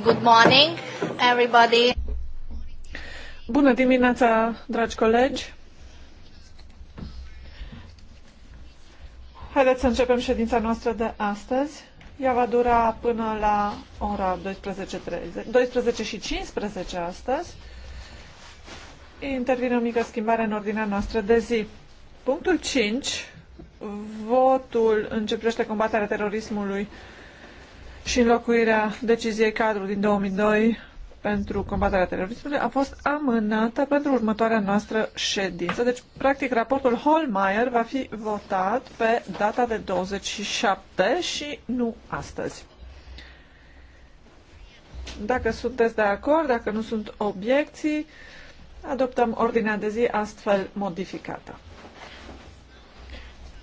Good morning, everybody. Bună dimineața, dragi colegi. Haideți să începem ședința noastră de astăzi. Ea va dura până la ora 12.30, 12 și 15 astăzi. Intervine o mică schimbare în ordinea noastră de zi. Punctul 5, votul în ce privește combaterea terorismului și înlocuirea deciziei cadru din 2002 pentru combaterea terorismului a fost amânată pentru următoarea noastră ședință. Deci, practic, raportul Holmeier va fi votat pe data de 27 și nu astăzi. Dacă sunteți de acord, dacă nu sunt obiecții, adoptăm ordinea de zi astfel modificată.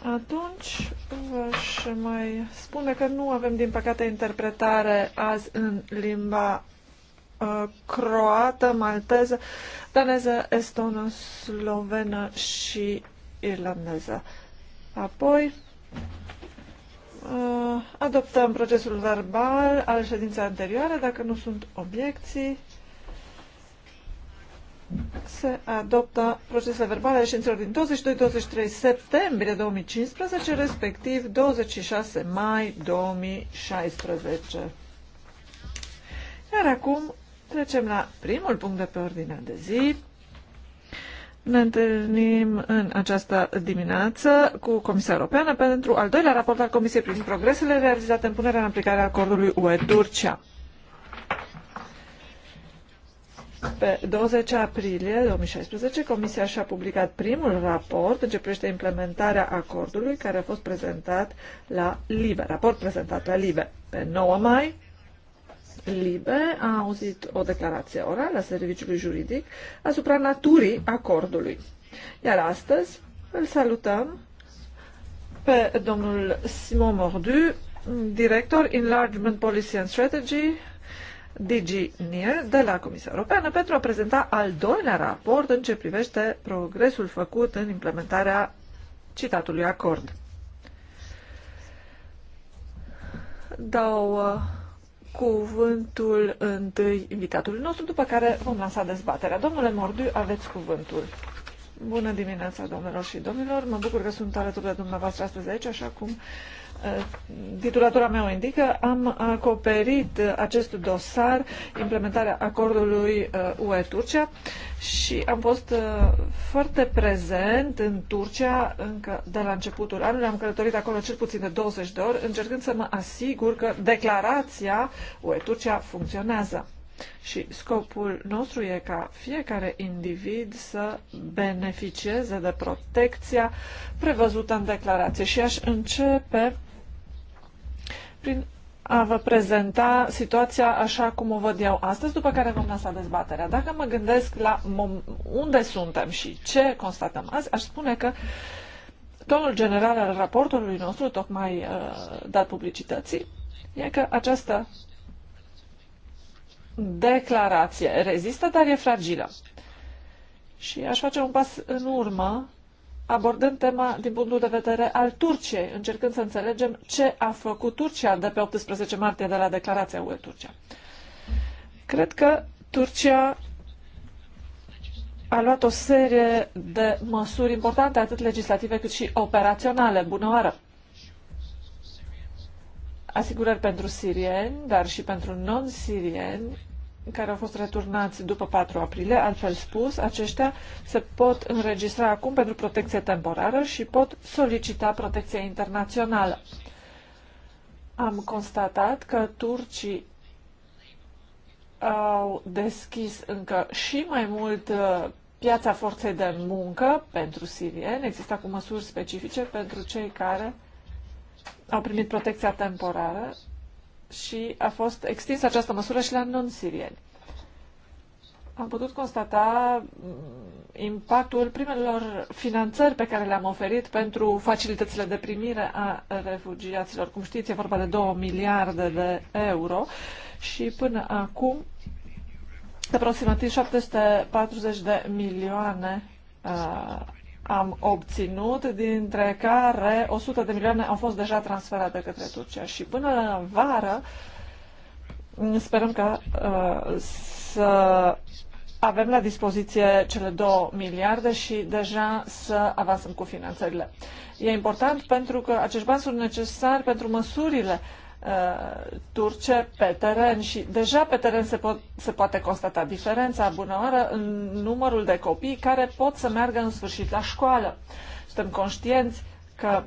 Atunci v-aș mai spune că nu avem, din păcate, interpretare azi în limba uh, croată, malteză, daneză, estonă, slovenă și irlandeză. Apoi uh, adoptăm procesul verbal al ședinței anterioare, dacă nu sunt obiecții se adoptă procesele verbale ale ședințelor din 22-23 septembrie 2015, respectiv 26 mai 2016. Iar acum trecem la primul punct de pe ordinea de zi. Ne întâlnim în această dimineață cu Comisia Europeană pentru al doilea raport al Comisiei privind progresele realizate în punerea în aplicare a acordului UE-Turcia. Pe 20 aprilie 2016, Comisia și-a publicat primul raport în ce privește implementarea acordului care a fost prezentat la LIBE, raport prezentat la LIBE. Pe 9 mai, LIBE a auzit o declarație orală a serviciului juridic asupra naturii acordului. Iar astăzi îl salutăm pe domnul Simon Mordu, director Enlargement Policy and Strategy DG NIR de la Comisia Europeană pentru a prezenta al doilea raport în ce privește progresul făcut în implementarea citatului acord. Dau uh, cuvântul întâi invitatului nostru, după care vom lansa dezbaterea. Domnule Mordu, aveți cuvântul. Bună dimineața, domnilor și domnilor! Mă bucur că sunt alături de dumneavoastră astăzi aici, așa cum uh, Eh, titulatura mea o indică, am acoperit eh, acest dosar, implementarea acordului eh, UE-Turcia și am fost foarte prezent în Turcia încă de la începutul anului. Am călătorit acolo cel puțin de 20 de ori, încercând să mă asigur că declarația UE-Turcia funcționează. Și scopul nostru e ca fiecare individ să beneficieze de protecția prevăzută în declarație. Și aș începe prin a vă prezenta situația așa cum o văd eu astăzi, după care vom lăsa dezbaterea. Dacă mă gândesc la unde suntem și ce constatăm azi, aș spune că tonul general al raportului nostru, tocmai uh, dat publicității, e că această declarație rezistă, dar e fragilă. Și aș face un pas în urmă abordăm tema din punctul de vedere al Turciei, încercând să înțelegem ce a făcut Turcia de pe 18 martie de la declarația UE Turcia. Cred că Turcia a luat o serie de măsuri importante, atât legislative cât și operaționale. Bună oară! Asigurări pentru sirieni, dar și pentru non-sirieni, care au fost returnați după 4 aprilie, altfel spus, aceștia se pot înregistra acum pentru protecție temporară și pot solicita protecție internațională. Am constatat că turcii au deschis încă și mai mult uh, piața forței de muncă pentru sirieni. Există acum măsuri specifice pentru cei care au primit protecția temporară și a fost extinsă această măsură și la non-sirieni. Am putut constata mm, impactul primelor finanțări pe care le-am oferit pentru facilitățile de primire a refugiaților. Cum știți, e vorba de 2 miliarde de euro și până acum aproximativ 740 de milioane uh, am obținut, dintre care 100 de milioane au fost deja transferate către Turcia și până la vară sperăm că uh, să avem la dispoziție cele 2 miliarde și deja să avansăm cu finanțările. E important pentru că acești bani sunt necesari pentru măsurile Uh, turce pe teren și deja pe teren se, po- se poate constata diferența bună oară în numărul de copii care pot să meargă în sfârșit la școală. Suntem conștienți că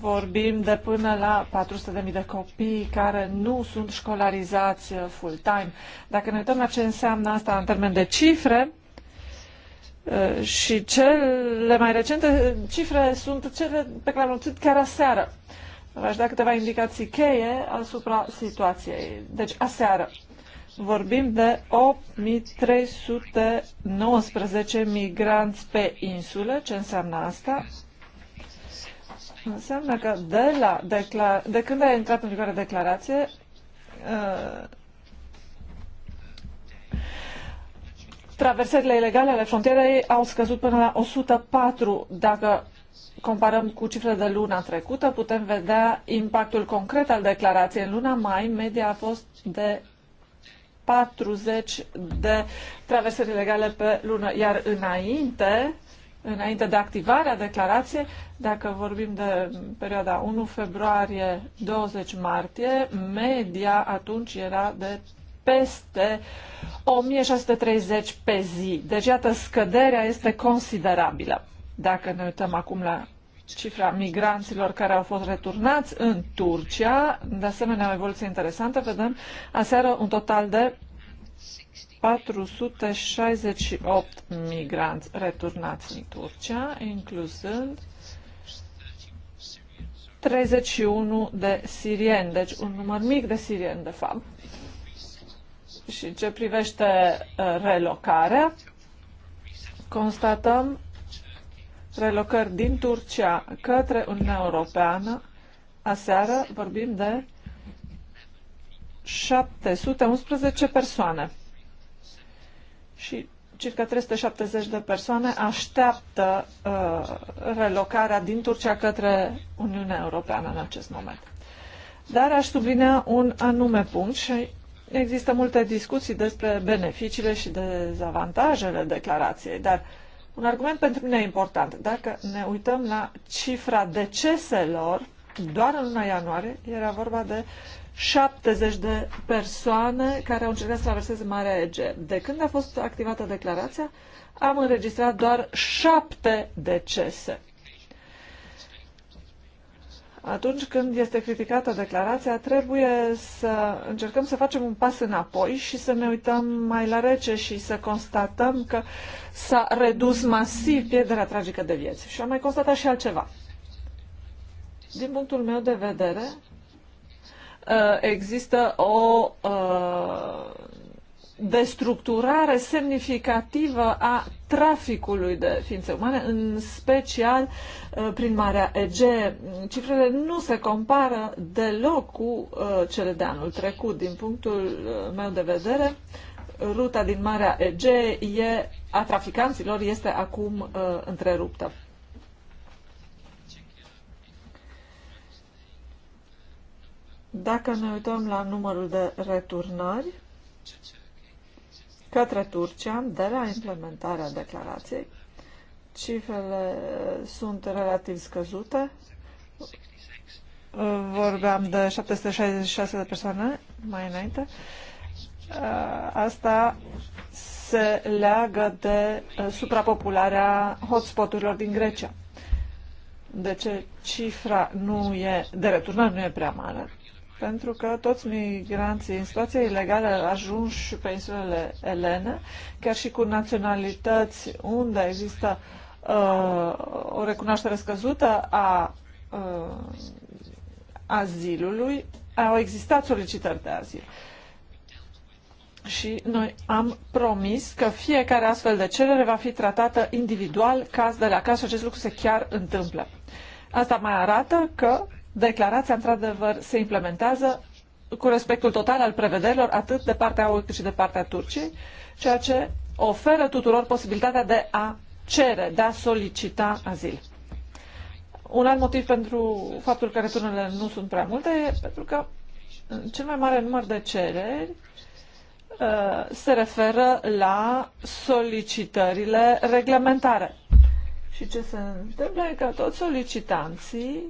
vorbim de până la 400.000 de copii care nu sunt școlarizați uh, full-time. Dacă ne uităm la ce înseamnă asta în termen de cifre, uh, și cele mai recente cifre sunt cele pe care le-am luat chiar aseară. V-aș da câteva indicații cheie asupra situației. Deci, aseară vorbim de 8.319 migranți pe insule. Ce înseamnă asta? Înseamnă că de, la de când a intrat în vigoare declarație, uh, traversările ilegale ale frontierei au scăzut până la 104. Dacă comparăm cu cifrele de luna trecută, putem vedea impactul concret al declarației. În luna mai, media a fost de 40 de traversări ilegale pe lună, iar înainte, înainte de activarea declarației, dacă vorbim de perioada 1 februarie-20 martie, media atunci era de peste 1630 pe zi. Deci, iată, scăderea este considerabilă. Dacă ne uităm acum la cifra migranților care au fost returnați în Turcia, de asemenea o evoluție interesantă, vedem aseară un total de 468 migranți returnați în Turcia, incluzând 31 de sirieni, deci un număr mic de sirieni, de fapt. Și ce privește uh, relocarea, constatăm relocări din Turcia către Uniunea Europeană, aseară vorbim de 711 persoane. Și circa 370 de persoane așteaptă uh, relocarea din Turcia către Uniunea Europeană în acest moment. Dar aș sublinea un anume punct și există multe discuții despre beneficiile și dezavantajele declarației, dar uh, un argument pentru mine important. Dacă ne uităm la cifra deceselor, doar în luna ianuarie era vorba de 70 de persoane care au încercat să traverseze Marea Ege. De când a fost activată declarația, am înregistrat doar 7 decese. Atunci când este criticată declarația, trebuie să încercăm să facem un pas înapoi și să ne uităm mai la rece și să constatăm că s-a redus masiv pierderea tragică de vieți. Și am mai constatat și altceva. Din punctul meu de vedere, uh, există o uh, destructurare semnificativă a traficului de ființe umane, în special uh, prin Marea Egee. Cifrele nu se compară deloc cu uh, cele de anul trecut. Din punctul uh, meu de vedere, ruta din Marea Egee e, a traficanților este acum întreruptă. Dacă ne uităm la numărul de returnări, către Turcia de la implementarea declarației. Cifrele uh, sunt relativ scăzute. Uh, vorbeam de 766 de persoane mai înainte. Uh, asta se leagă de suprapopularea hotspoturilor din Grecia. De ce cifra nu e, de returnare nu e prea mare pentru că toți migranții în situație ilegală și pe insulele Elene, chiar și cu naționalități unde există uh, o recunoaștere scăzută a uh, azilului, au existat solicitări de azil. Și noi am promis că fiecare astfel de cerere va fi tratată individual, caz de la caz și acest lucru se chiar întâmplă. Asta mai arată că declarația într-adevăr se implementează cu respectul total al prevederilor atât de partea UE cât și de partea Turciei, ceea ce oferă tuturor posibilitatea de a cere, de a solicita azil. Un alt motiv pentru faptul că returnele nu sunt prea multe e pentru că cel mai mare număr de cereri uh, se referă la solicitările reglementare. Și ce se întâmplă e că toți solicitanții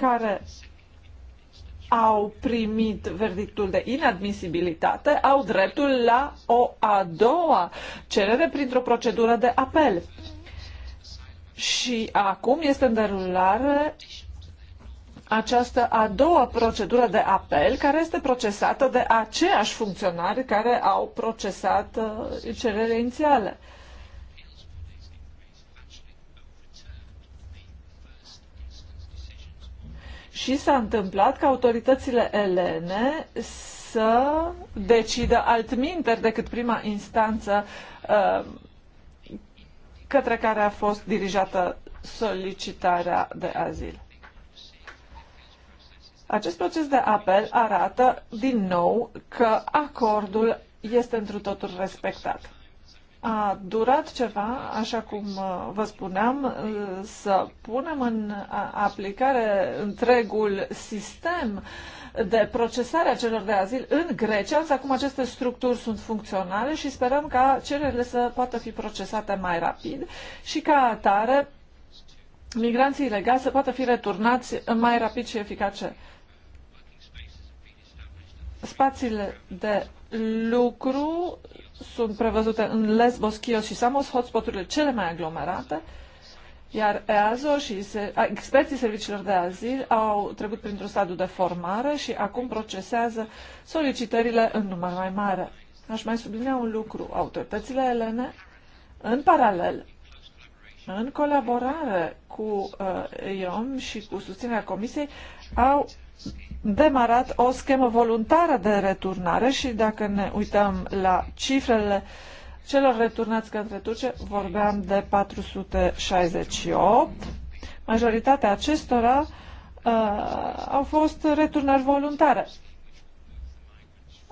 care au primit verdictul de inadmisibilitate au dreptul la o a doua cerere printr-o procedură de apel. Și acum este în derulare această a doua procedură de apel care este procesată de aceiași funcționari care au procesat uh, cererile inițială. Uh, și s-a întâmplat ca autoritățile elene să decidă altminteri decât prima instanță uh, către care a fost dirijată solicitarea de azil. Acest proces de apel arată din nou că acordul este întru totul respectat a durat ceva, așa cum uh, vă spuneam, uh, să punem în aplicare întregul sistem de procesare a celor de azil în Grecia, însă acum aceste structuri sunt funcționale și sperăm ca cererile să poată fi procesate mai rapid și ca atare migranții ilegali să poată fi returnați mai rapid și eficace. Spațiile de lucru sunt prevăzute în Lesbos, Chios și Samos, hotspoturile cele mai aglomerate, iar EASO și se, a, experții serviciilor de azil au trecut printr-un stadiu de formare și acum procesează solicitările în număr mai mare. Aș mai sublinia un lucru. Autoritățile elene, în paralel, în colaborare cu uh, IOM și cu susținerea Comisiei, au demarat o schemă voluntară de returnare și dacă ne uităm la cifrele celor returnați către Turcia, vorbeam de 468. Majoritatea acestora uh, au fost returnări voluntare.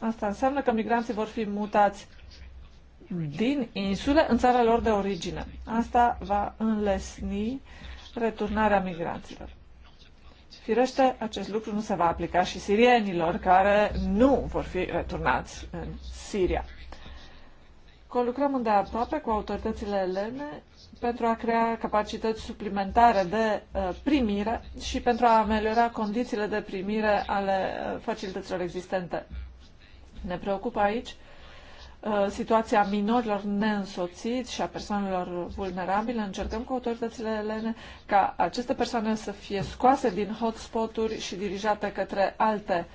Asta înseamnă că migranții vor fi mutați din insule în țara lor de origine. Asta va înlesni returnarea migranților. Deci, Firește, acest lucru nu se va aplica și sirienilor care nu vor fi returnați în Siria. Colucrăm îndeaproape cu autoritățile elene pentru a crea capacități suplimentare de uh, primire și pentru a ameliora condițiile de primire ale uh, facilităților existente. Ne preocupă aici Uh, situația minorilor neînsoțiți și a persoanelor vulnerabile, încercăm cu autoritățile elene ca aceste persoane să fie scoase din hotspot-uri și dirijate către alte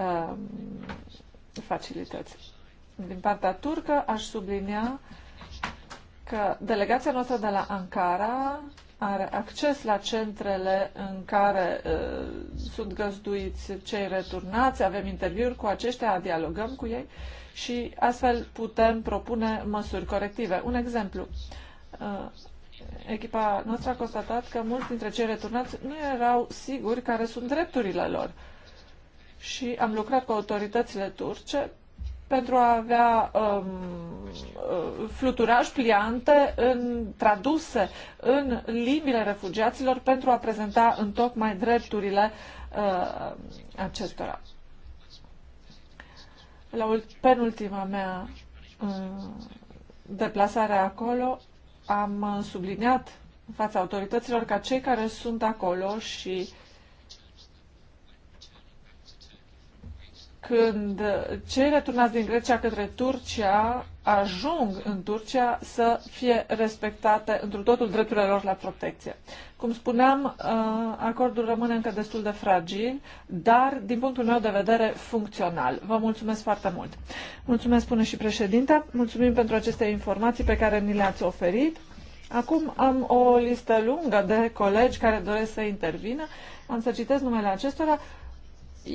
uh, facilități. Din partea turcă aș sublinia că delegația noastră de la Ankara are acces la centrele în care uh, sunt găzduiți cei returnați, avem interviuri cu aceștia, dialogăm cu ei. Uh, și astfel putem propune măsuri corective. Un exemplu. Uh, echipa noastră a constatat că mulți dintre cei returnați nu erau siguri care sunt drepturile lor și am lucrat cu autoritățile turce pentru a avea um, uh, fluturaj pliante în, traduse în limbile refugiaților pentru a prezenta în tocmai drepturile uh, acestora. La penultima mea uh, deplasare acolo am uh, subliniat în fața autorităților ca cei care sunt acolo și când cei returnați din Grecia către Turcia ajung în Turcia să fie respectate într totul drepturile lor la protecție. Cum spuneam, uh, acordul rămâne încă destul de fragil, dar, din punctul meu de vedere, funcțional. Vă mulțumesc foarte mult. Mulțumesc, spune și președinta. Mulțumim pentru aceste informații pe care ni le-ați oferit. Acum am o listă lungă de colegi care doresc să intervină. Am să citesc numele acestora.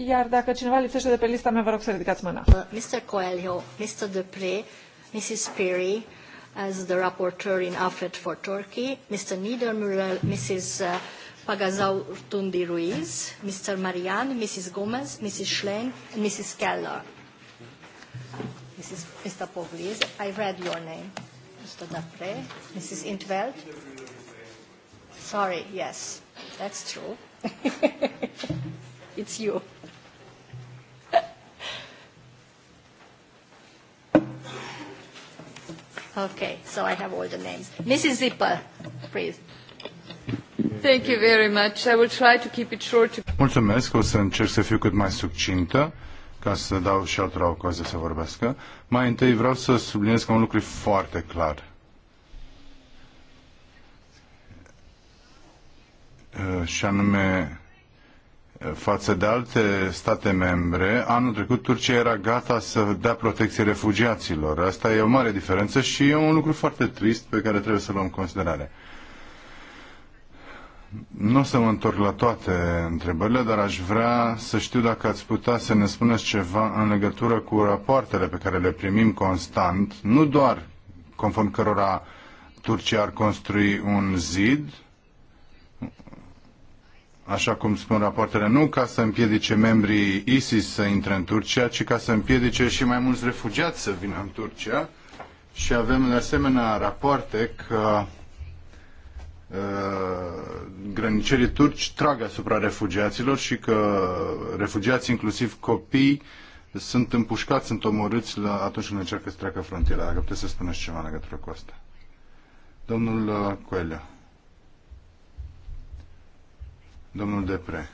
Iar dacă cineva lipsește de pe lista mea, vă rog să ridicați mâna. Mr. Coelho, Mr. Dupre, Mrs. Piri as the rapporteur in AFET for Turkey, Mr. Niedermüller, Mrs. Uh, Pagazau Tundi Ruiz, Mr. Marian, Mrs. Gomez, Mrs. Schlein, and Mrs. Keller. Mrs. Mr. Poglis, I read your name. Mr. Dapre, Mrs. Intveld. Sorry, yes, that's true. It's you. Okay, so I have all the names. Mrs. Zipper, please. Thank you very much. I will try to keep it short. Mulțumesc, o să încerc să fiu cât mai succintă ca să dau și altora ocazie să vorbească. Mai întâi vreau să subliniez că un lucru foarte clar. Și anume, față de alte state membre, anul trecut Turcia era gata să dea protecție refugiaților. Asta e o mare diferență și e un lucru foarte trist pe care trebuie să-l luăm în considerare. Nu o să mă întorc la toate întrebările, dar aș vrea să știu dacă ați putea să ne spuneți ceva în legătură cu rapoartele pe care le primim constant, nu doar conform cărora Turcia ar construi un zid, așa cum spun rapoartele, nu ca să împiedice membrii ISIS să intre în Turcia, ci ca să împiedice și mai mulți refugiați să vină în Turcia. Și avem de asemenea rapoarte că uh, grănicerii turci trag asupra refugiaților și că refugiații, inclusiv copii, sunt împușcați, sunt omorâți la, atunci când încearcă să treacă frontiera. Dacă puteți să spuneți ceva în legătură cu asta. Domnul uh, Coelho. Domnul Depre.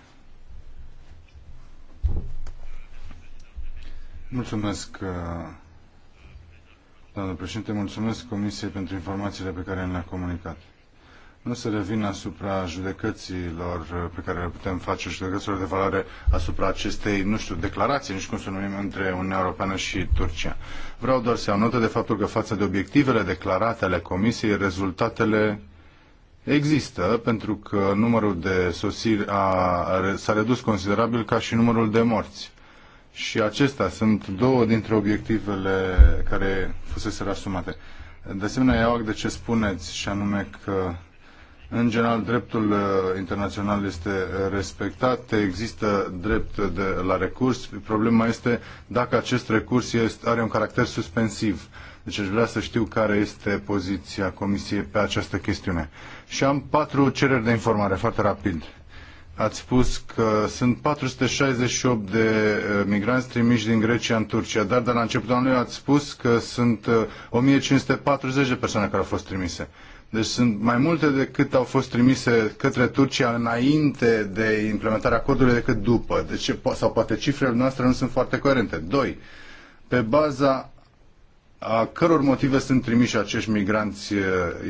Mulțumesc, uh, doamnă președinte, mulțumesc Comisiei pentru informațiile pe care le-a comunicat. Nu se revin asupra judecăților uh, pe care le putem face, judecăților de valoare asupra acestei, nu știu, declarații, nici cum să numim, între Uniunea Europeană și Turcia. Vreau doar să iau notă de faptul că față de obiectivele declarate ale Comisiei, rezultatele Există, pentru că numărul de sosiri s-a redus considerabil ca și numărul de morți. Și acestea sunt două dintre obiectivele care fusese asumate. De asemenea, iau de ce spuneți, și anume că, în general, dreptul uh, internațional este respectat, există drept de, la recurs. Problema este dacă acest recurs este, are un caracter suspensiv deci aș vrea să știu care este poziția Comisiei pe această chestiune. Și am patru cereri de informare, foarte rapid. Ați spus că sunt 468 de uh, migranți trimiși din Grecia în Turcia, dar de la începutul anului ați spus că sunt 1540 uh, de persoane care au fost trimise. Deci sunt mai multe decât au fost trimise către Turcia înainte de implementarea acordului decât după. Deci, sau poate cifrele noastre nu sunt foarte coerente. Doi, pe baza a căror motive sunt trimiși acești migranți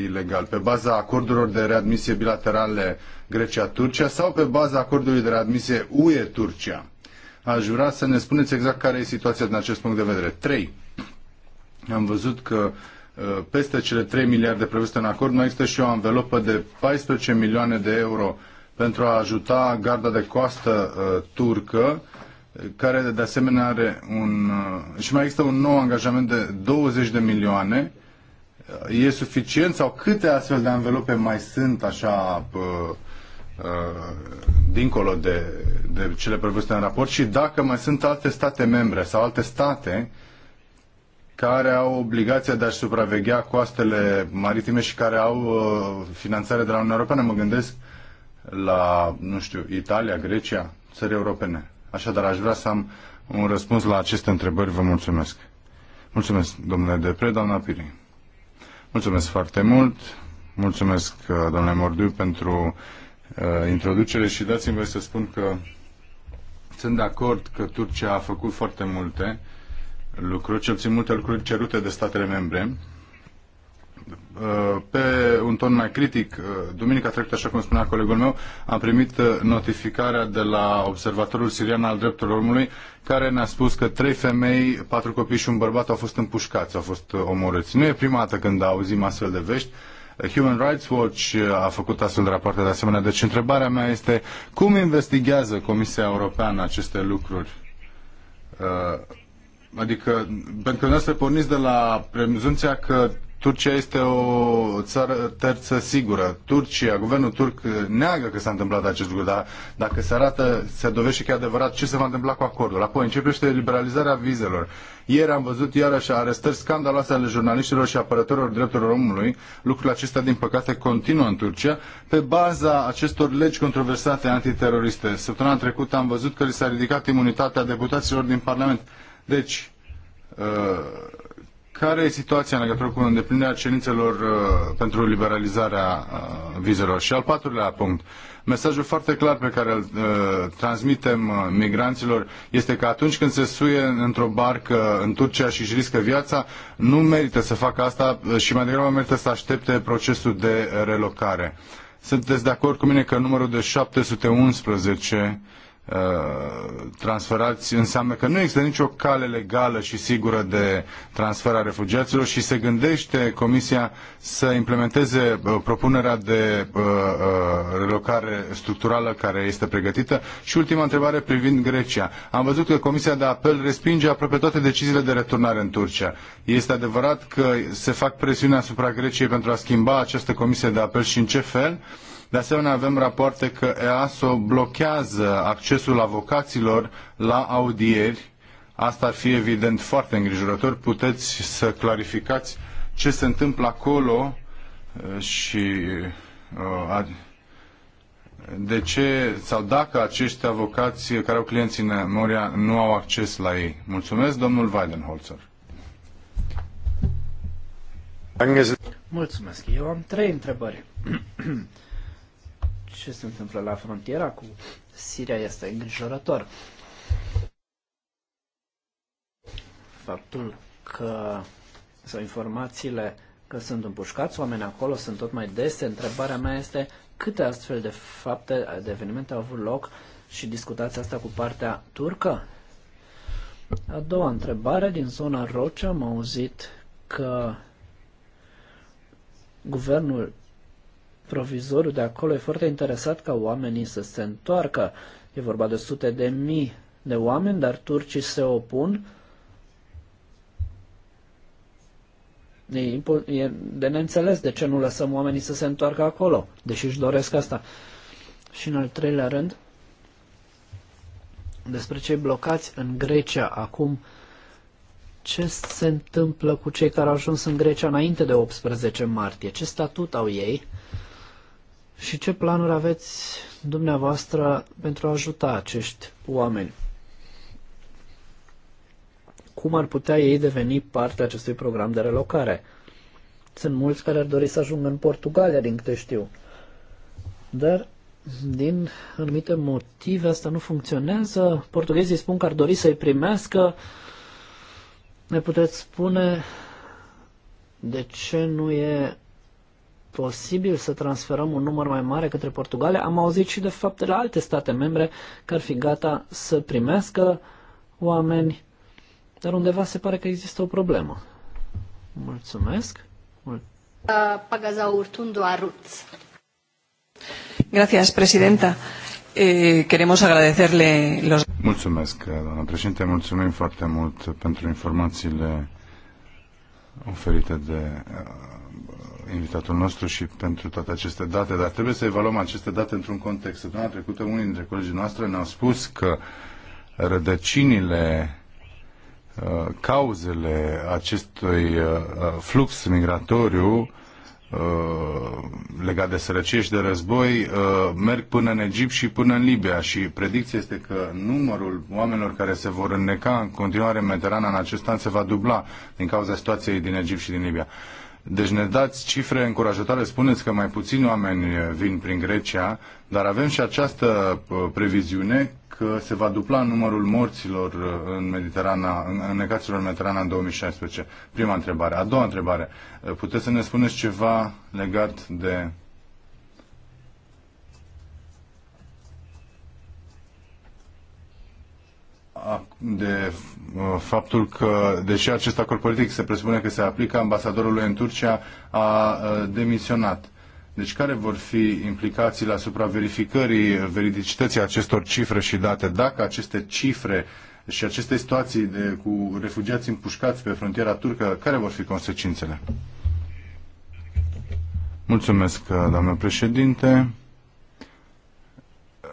ilegali? Pe baza acordurilor de readmisie bilaterale Grecia-Turcia sau pe baza acordului de readmisie UE-Turcia? Aș vrea să ne spuneți exact care e situația din acest punct de vedere. 3. Am văzut că peste cele 3 miliarde prevăzute în acord, mai există și o anvelopă de 14 milioane de euro pentru a ajuta garda de coastă uh, turcă care de asemenea are un... Uh, și mai există un nou angajament de 20 de milioane. E suficient sau câte astfel de anvelope mai sunt așa uh, uh, dincolo de, de cele prevăzute în raport și dacă mai sunt alte state membre sau alte state care au obligația de a-și supraveghea coastele maritime și care au uh, finanțare de la Uniunea Europeană. Mă gândesc la, nu știu, Italia, Grecia, țări europene. Așadar, aș vrea să am un răspuns la aceste întrebări. Vă mulțumesc. Mulțumesc, domnule Depre, doamna Piri. Mulțumesc foarte mult. Mulțumesc, uh, domnule Mordiu, pentru uh, introducere și dați-mi voi să spun că sunt de acord că Turcia a făcut foarte multe lucruri, cel puțin multe lucruri cerute de statele membre, Uh, pe un ton mai critic, uh, duminica trecută, așa cum spunea colegul meu, am primit uh, notificarea de la Observatorul Sirian al Drepturilor Omului, care ne-a spus că trei femei, patru copii și un bărbat au fost împușcați, au fost omorâți. Nu e prima dată când auzim astfel de vești. Human Rights Watch a făcut astfel de rapoarte de asemenea. Deci întrebarea mea este cum investigează Comisia Europeană aceste lucruri? Adică, pentru că noi să porniți de la prezumția că Turcia este o țară terță sigură. Turcia, guvernul turc neagă că s-a întâmplat acest lucru, dar dacă se arată, se dovește că e adevărat ce se va întâmpla cu acordul. Apoi începește liberalizarea vizelor. Ieri am văzut iarăși arestări scandaloase ale jurnaliștilor și apărătorilor drepturilor omului. Lucrul acesta, din păcate, continuă în Turcia pe baza acestor legi controversate antiteroriste. Săptămâna trecută am văzut că li s-a ridicat imunitatea deputaților din Parlament. Deci, uh care e situația în legătură cu îndeplinirea cerințelor uh, pentru liberalizarea uh, vizelor? Și al patrulea punct. Mesajul foarte clar pe care îl uh, transmitem uh, migranților este că atunci când se suie într-o barcă în Turcia și își riscă viața, nu merită să facă asta uh, și mai degrabă merită să aștepte procesul de relocare. Sunteți de acord cu mine că numărul de 711 Uh, transferați înseamnă că nu există nicio cale legală și sigură de transfer a refugiaților și se gândește Comisia să implementeze uh, propunerea de uh, relocare structurală care este pregătită. Și ultima întrebare privind Grecia. Am văzut că Comisia de Apel respinge aproape toate deciziile de returnare în Turcia. Este adevărat că se fac presiuni asupra Greciei pentru a schimba această Comisie de Apel și în ce fel? Uh, de asemenea, avem rapoarte că EASO blochează accesul avocaților la audieri. Asta ar fi evident foarte îngrijorător. Puteți să clarificați ce se întâmplă acolo uh, și uh, de ce sau dacă acești avocați care au clienți în Moria nu au acces la ei. Mulțumesc, domnul Weidenholzer. Mulțumesc. Eu am trei întrebări. ce se întâmplă la frontiera cu Siria este îngrijorător. Faptul că sau informațiile că sunt împușcați oameni acolo sunt tot mai dese. Întrebarea mea este câte astfel de fapte, de evenimente au avut loc și discutați asta cu partea turcă? A doua întrebare, din zona Roce am auzit că guvernul provizoriu de acolo e foarte interesat ca oamenii să se întoarcă. E vorba de sute de mii de oameni, dar turcii se opun. E, e de neînțeles de ce nu lăsăm oamenii să se întoarcă acolo, deși își doresc asta. Și în al treilea rând, despre cei blocați în Grecia acum, ce se întâmplă cu cei care au ajuns în Grecia înainte de 18 martie? Ce statut au ei? Uh, și ce planuri aveți dumneavoastră pentru a ajuta acești oameni? Cum ar putea ei deveni parte acestui program de relocare? Sunt mulți care ar dori să ajungă în Portugalia, din câte știu. Dar, din anumite motive, asta nu funcționează. Portughezii spun că ar dori să-i primească. Ne puteți spune de ce nu e posibil să transferăm un număr mai mare către Portugalia. Am auzit și de fapt de la alte state membre că ar fi gata să primească oameni, dar undeva se pare că există o problemă. Mulțumesc. Da, pagaza Urtundu Arutz. Gracias, presidenta. Eh, queremos agradecerle los... Mulțumesc, doamna președinte. Mulțumim foarte mult pentru informațiile oferite de invitatul nostru și pentru toate aceste date, dar trebuie să evaluăm aceste date într-un context. Săptămâna trecută unii dintre colegii noastre ne-au spus că rădăcinile, uh, cauzele acestui uh, uh, flux migratoriu legat de sărăcie și de război merg până în Egipt și până în Libia și predicția este că numărul oamenilor care se vor înneca în continuare în Mediterana în acest an se va dubla din cauza situației din Egipt și din Libia. Deci ne dați cifre încurajatoare, spuneți că mai puțini oameni vin prin Grecia, dar avem și această uh, previziune că se va dupla numărul morților uh, în Mediterana, în necaților în Mediterana în 2016. Prima întrebare. A doua întrebare. Uh, puteți să ne spuneți ceva legat de de uh, faptul că, deși acest acord politic se presupune că se aplică ambasadorului în Turcia, a uh, demisionat. Deci care vor fi implicațiile asupra verificării veridicității acestor cifre și date? Dacă aceste cifre și aceste situații de, cu refugiați împușcați pe frontiera turcă, care vor fi consecințele? Mulțumesc, uh, doamnă președinte.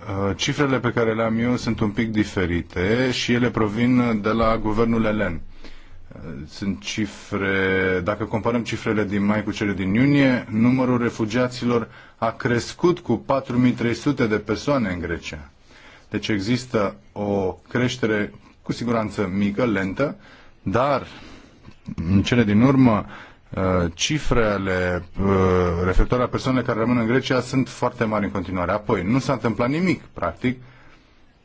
Uh, cifrele pe care le-am eu sunt un pic diferite și ele provin de la guvernul elen. Uh, sunt cifre, dacă comparăm cifrele din mai cu cele din iunie, numărul refugiaților a crescut cu 4300 de persoane în Grecia. Deci există o creștere cu siguranță mică, lentă, dar în cele din urmă Uh, cifrele uh, referitoare la persoanele care rămân în Grecia sunt foarte mari în continuare. Apoi, nu s-a întâmplat nimic, practic.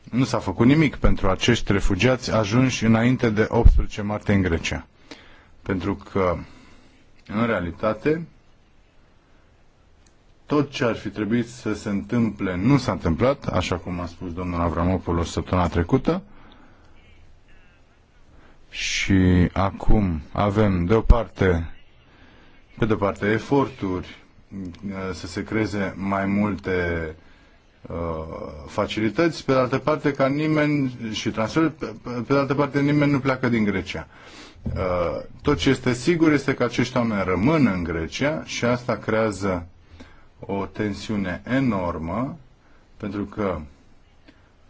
Nu s-a făcut nimic pentru acești refugiați ajunși înainte de 18 martie în Grecia. Pentru că, în realitate, tot ce ar fi trebuit să se întâmple nu s-a întâmplat, așa cum a spus domnul Avramopoulos săptămâna trecută. Și acum avem, de o parte, pe de parte, eforturi uh, să se creeze mai multe uh, facilități, pe de altă parte ca nimeni și transfer, pe de altă parte nimeni nu pleacă din Grecia. Uh, tot ce este sigur este că acești oameni rămân în Grecia și asta creează o tensiune enormă pentru că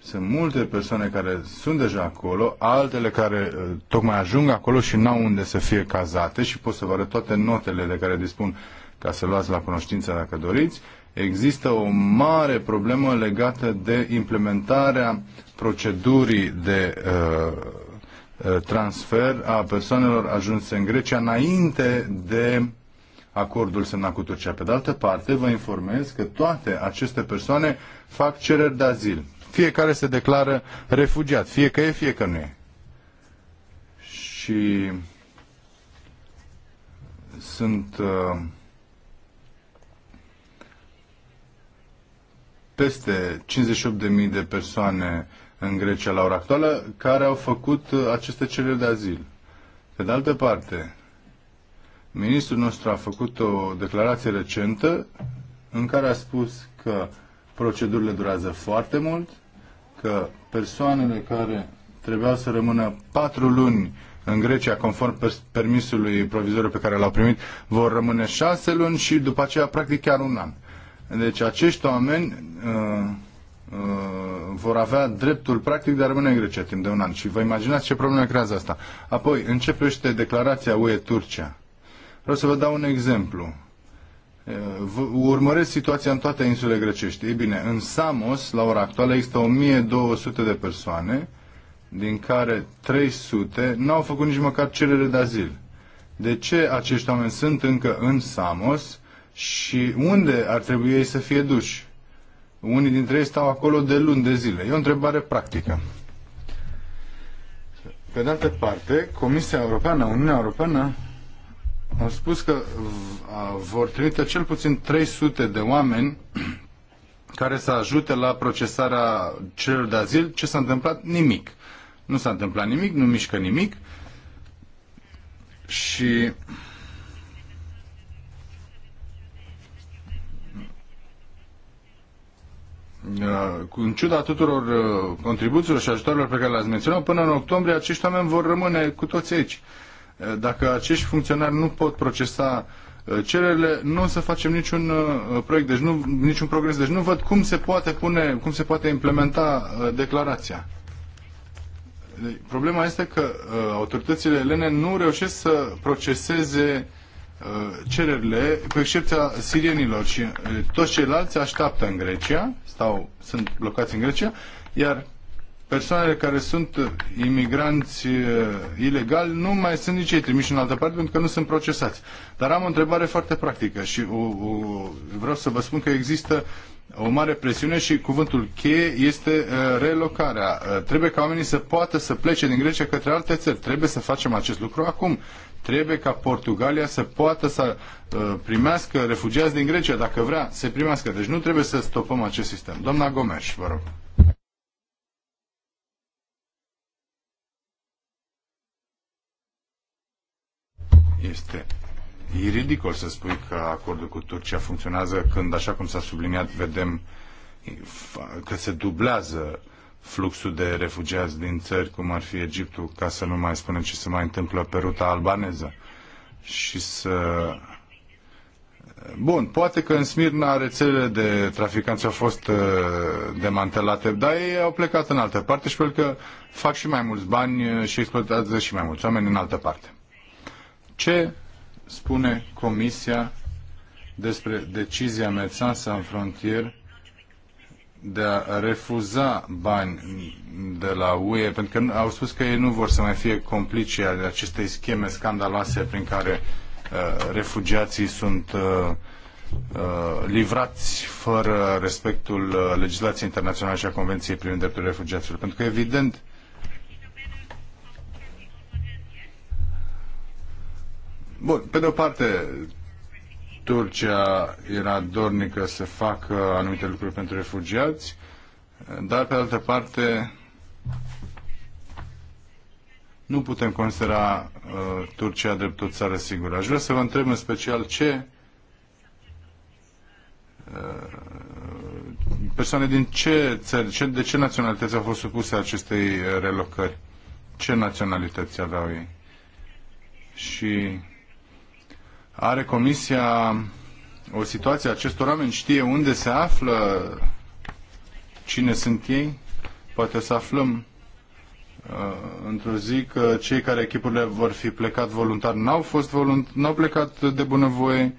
sunt multe persoane care sunt deja acolo, altele care uh, tocmai ajung acolo și n-au unde să fie cazate și pot să vă arăt toate notele de care dispun ca să luați la cunoștință dacă doriți. Există o mare problemă legată de implementarea procedurii de uh, uh transfer a persoanelor ajunse în Grecia înainte de acordul semnat cu Turcia. Pe de altă parte, vă informez că toate aceste persoane fac cereri de azil fiecare se declară refugiat, fie că e, fie că nu e. Și sunt uh, peste 58.000 de persoane în Grecia la ora actuală care au făcut uh, aceste cereri de azil. Pe de altă parte, ministrul nostru a făcut o declarație recentă în care a spus că procedurile durează foarte mult, că persoanele care trebuiau să rămână patru luni în Grecia, conform permisului provizoriu pe care l-au primit, vor rămâne șase luni și după aceea, practic, chiar un an. Deci acești oameni uh, uh, vor avea dreptul, practic, de a rămâne în Grecia timp de un an. Și vă imaginați ce probleme creează asta. Apoi, începește declarația UE-Turcia. Vreau să vă dau un exemplu urmăresc situația în toate insulele grecești. Ei bine, în Samos, la ora actuală, există 1200 de persoane, din care 300 n-au făcut nici măcar cerere de azil. De ce acești oameni sunt încă în Samos și unde ar trebui ei să fie duși? Unii dintre ei stau acolo de luni de zile. E o întrebare practică. Pe de altă parte, Comisia Europeană, Uniunea Europeană, au spus că vor trimite cel puțin 300 de oameni care să ajute la procesarea celor de azil. Ce s-a întâmplat? Nimic. Nu s-a întâmplat nimic, nu mișcă nimic. Și în ciuda tuturor contribuțiilor și ajutorilor pe care le-ați menționat, până în octombrie acești oameni vor rămâne cu toți aici. Eh, dacă acești funcționari nu pot procesa eh, cererile, nu o să facem niciun eh, proiect, deci nu, niciun progres. Deci nu văd cum se poate pune, cum se poate implementa declarația. Deci, problema este că autoritățile elene nu reușesc să proceseze cererile, cu excepția sirienilor și toți ceilalți așteaptă în Grecia, stau, sunt blocați în Grecia, iar persoanele care sunt uh, imigranți uh, ilegali nu mai sunt nici ei trimiși în altă parte pentru că nu sunt procesați. Dar am o întrebare foarte practică și o, o, vreau să vă spun că există o mare presiune și cuvântul cheie este uh, relocarea. Trebuie ca oamenii să poată să plece din Grecia către alte țări. Trebuie să facem acest lucru acum. Trebuie ca Portugalia să poată să primească refugiați din Grecia, dacă vrea, să primească. Deci nu trebuie să stopăm acest sistem. Doamna Gomes, vă rog. Este ridicol să spui că acordul cu Turcia funcționează când, așa cum s-a subliniat, vedem că se dublează fluxul de refugiați din țări, cum ar fi Egiptul, ca să nu mai spunem ce se mai întâmplă pe ruta albaneză. Și să... Bun, poate că în Smirna rețelele de traficanți au fost uh, demantelate, dar ei au plecat în altă parte și pentru că fac și mai mulți bani uh, și exploatează și mai mulți oameni în altă parte. Ce spune Comisia despre decizia Mețansa Sans frontier de a refuza bani de la UE, pentru că au spus că ei nu vor să mai fie complici ale acestei scheme scandaloase prin care uh, refugiații sunt uh, uh, livrați fără respectul uh, legislației internaționale și a Convenției privind drepturile refugiaților. Pentru că, evident, Bun, pe de o parte, Turcia era dornică să facă anumite lucruri pentru refugiați, dar pe de altă parte nu putem considera uh, Turcia drept o țară sigură. Aș vrea să vă întreb în special ce uh, persoane din ce țări, ce, de ce naționalități au fost supuse acestei relocări? Ce naționalități aveau ei? Și are Comisia o situație acestor oameni? Știe unde se află? Cine sunt ei? Poate să aflăm uh, într-o zi că cei care echipurile vor fi plecat voluntar n-au fost volunt, n-au plecat de bunăvoie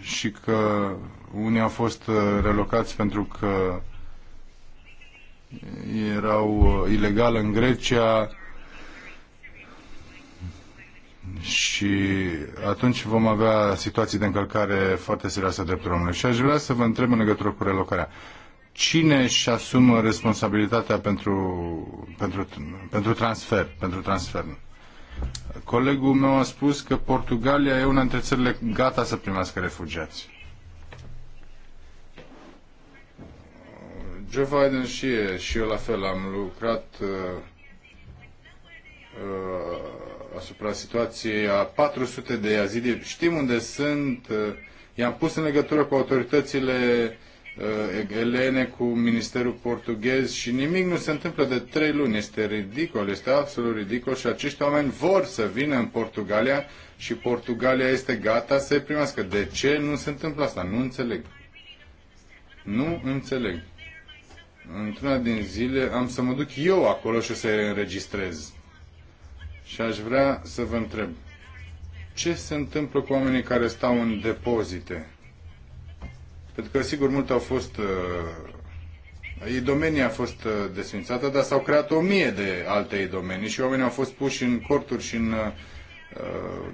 și că unii au fost uh, relocați pentru că erau uh, ilegal în Grecia, și atunci vom avea situații de încălcare foarte serioase a drepturilor omului. Și aș vrea să vă întreb în legătură cu relocarea. Cine își asumă responsabilitatea pentru, pentru, pentru transfer? Pentru transfer? Colegul meu a spus că Portugalia e una dintre țările gata să primească refugiați. Joe Biden și, și eu la fel am lucrat uh, uh, asupra situației a 400 de yazidi. Știm unde sunt, uh, i-am pus în legătură cu autoritățile uh, elene, cu Ministerul Portughez și nimic nu se întâmplă de trei luni. Este ridicol, este absolut ridicol și acești oameni vor să vină în Portugalia și Portugalia este gata să-i primească. De ce nu se întâmplă asta? Nu înțeleg. Nu înțeleg. Într-una din zile am să mă duc eu acolo și să i înregistrez. Și aș vrea să vă întreb, ce se întâmplă cu oamenii care stau în depozite? Pentru că, sigur, multe au fost... Uh, domenia a fost uh, desfințată, dar s-au creat o mie de alte domenii și oamenii au fost puși în corturi și în uh,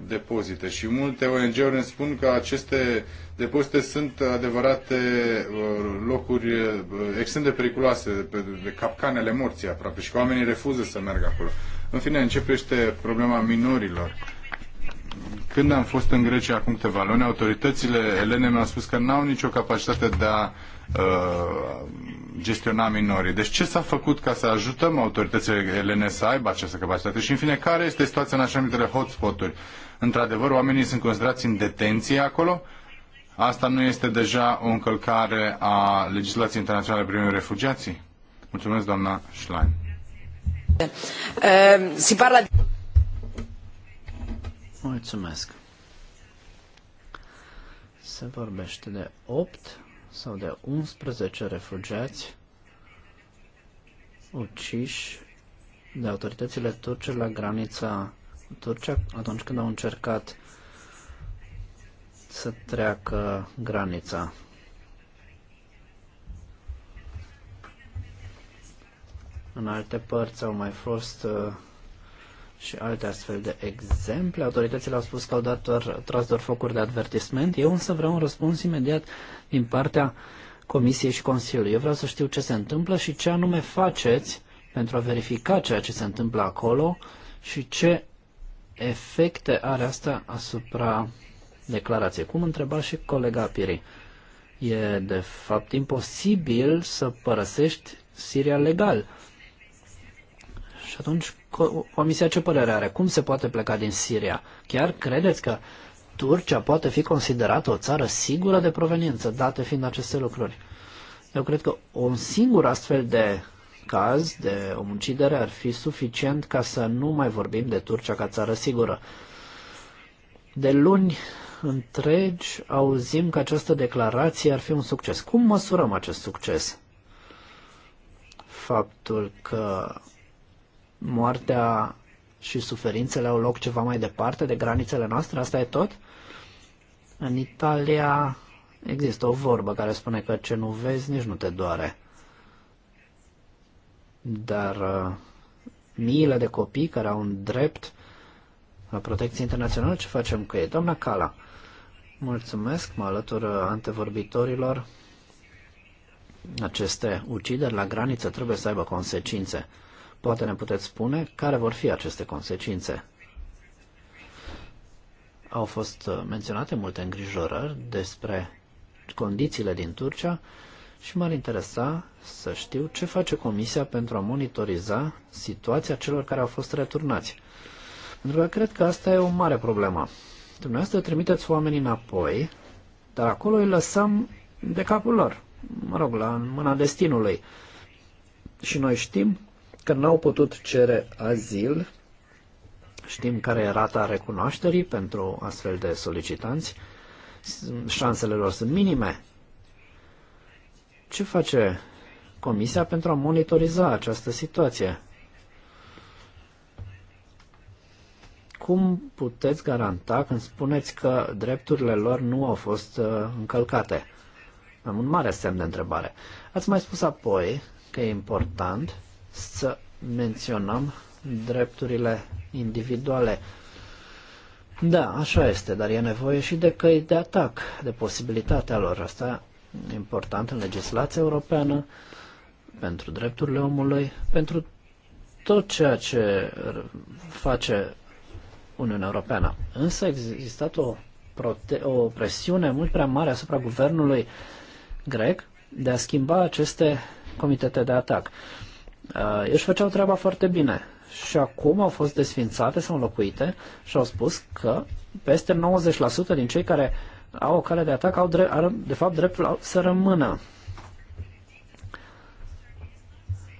depozite. Și multe ONG-uri îmi spun că aceste depozite sunt adevărate uh, locuri uh, extrem de periculoase, de capcanele morții aproape și că oamenii refuză să meargă acolo. În fine, începește problema minorilor. Când am fost în Grecia acum câteva luni, autoritățile elene mi-au spus că n-au nicio capacitate de a uh, gestiona minorii. Deci ce s-a făcut ca să ajutăm autoritățile elene să aibă această capacitate? Și în fine, care este situația în așa numitele hotspot-uri? Într-adevăr, oamenii sunt considerați în detenție acolo? Asta nu este deja o încălcare a legislației internaționale privind refugiații? Mulțumesc, doamna Schlein. Ehm, si parla... Mulțumesc. Se vorbește de 8 sau de 11 refugiați uciși de autoritățile turce la granița Turcia atunci când au încercat să treacă granița. În alte părți au mai fost uh, și alte astfel de exemple. Autoritățile au spus că au dat doar, tras doar focuri de advertisment. Eu însă vreau un răspuns imediat din partea Comisiei și Consiliului. Eu vreau să știu ce se întâmplă și ce anume faceți pentru a verifica ceea ce se întâmplă acolo și ce efecte are asta asupra declarației. Cum întreba și colega Piri. E de fapt imposibil să părăsești Siria legal și atunci Comisia ce părere are? Cum se poate pleca din Siria? Chiar credeți că Turcia poate fi considerată o țară sigură de proveniență, date fiind aceste lucruri? Eu cred că un singur astfel de caz de omucidere ar fi suficient ca să nu mai vorbim de Turcia ca țară sigură. De luni întregi auzim că această declarație ar fi un succes. Cum măsurăm acest succes? Faptul că moartea și suferințele au loc ceva mai departe de granițele noastre, asta e tot. În Italia există o vorbă care spune că ce nu vezi nici nu te doare. Dar uh, miile de copii care au un drept la protecție internațională, ce facem cu ei? Doamna Cala, mulțumesc, mă alătur uh, antevorbitorilor. Aceste ucideri la graniță trebuie să aibă consecințe. Poate ne puteți spune care vor fi aceste consecințe. Au fost uh, menționate multe îngrijorări despre condițiile din Turcia și m-ar interesa să știu ce face Comisia pentru a monitoriza situația celor care au fost returnați. Pentru că cred că asta e o mare problemă. Dumneavoastră trimiteți oamenii înapoi, dar acolo îi lăsăm de capul lor, mă rog, la mâna destinului. Și noi știm că n-au putut cere azil. Știm care e rata recunoașterii pentru astfel de solicitanți. Șansele lor sunt minime. Ce face Comisia pentru a monitoriza această situație? Cum puteți garanta când spuneți că drepturile lor nu au fost uh, încălcate? Am un mare semn de întrebare. Ați mai spus apoi că e important să menționăm drepturile individuale. Da, așa este, dar e nevoie și de căi de atac, de posibilitatea lor. Asta e important în legislația europeană, pentru drepturile omului, pentru tot ceea ce face Uniunea Europeană. Însă există o, prote- o presiune mult prea mare asupra guvernului grec de a schimba aceste comitete de atac uh, își făceau treaba foarte bine și acum au fost desfințate sau înlocuite și au spus că peste 90% din cei care au o cale de atac au, drept, au de fapt dreptul să rămână.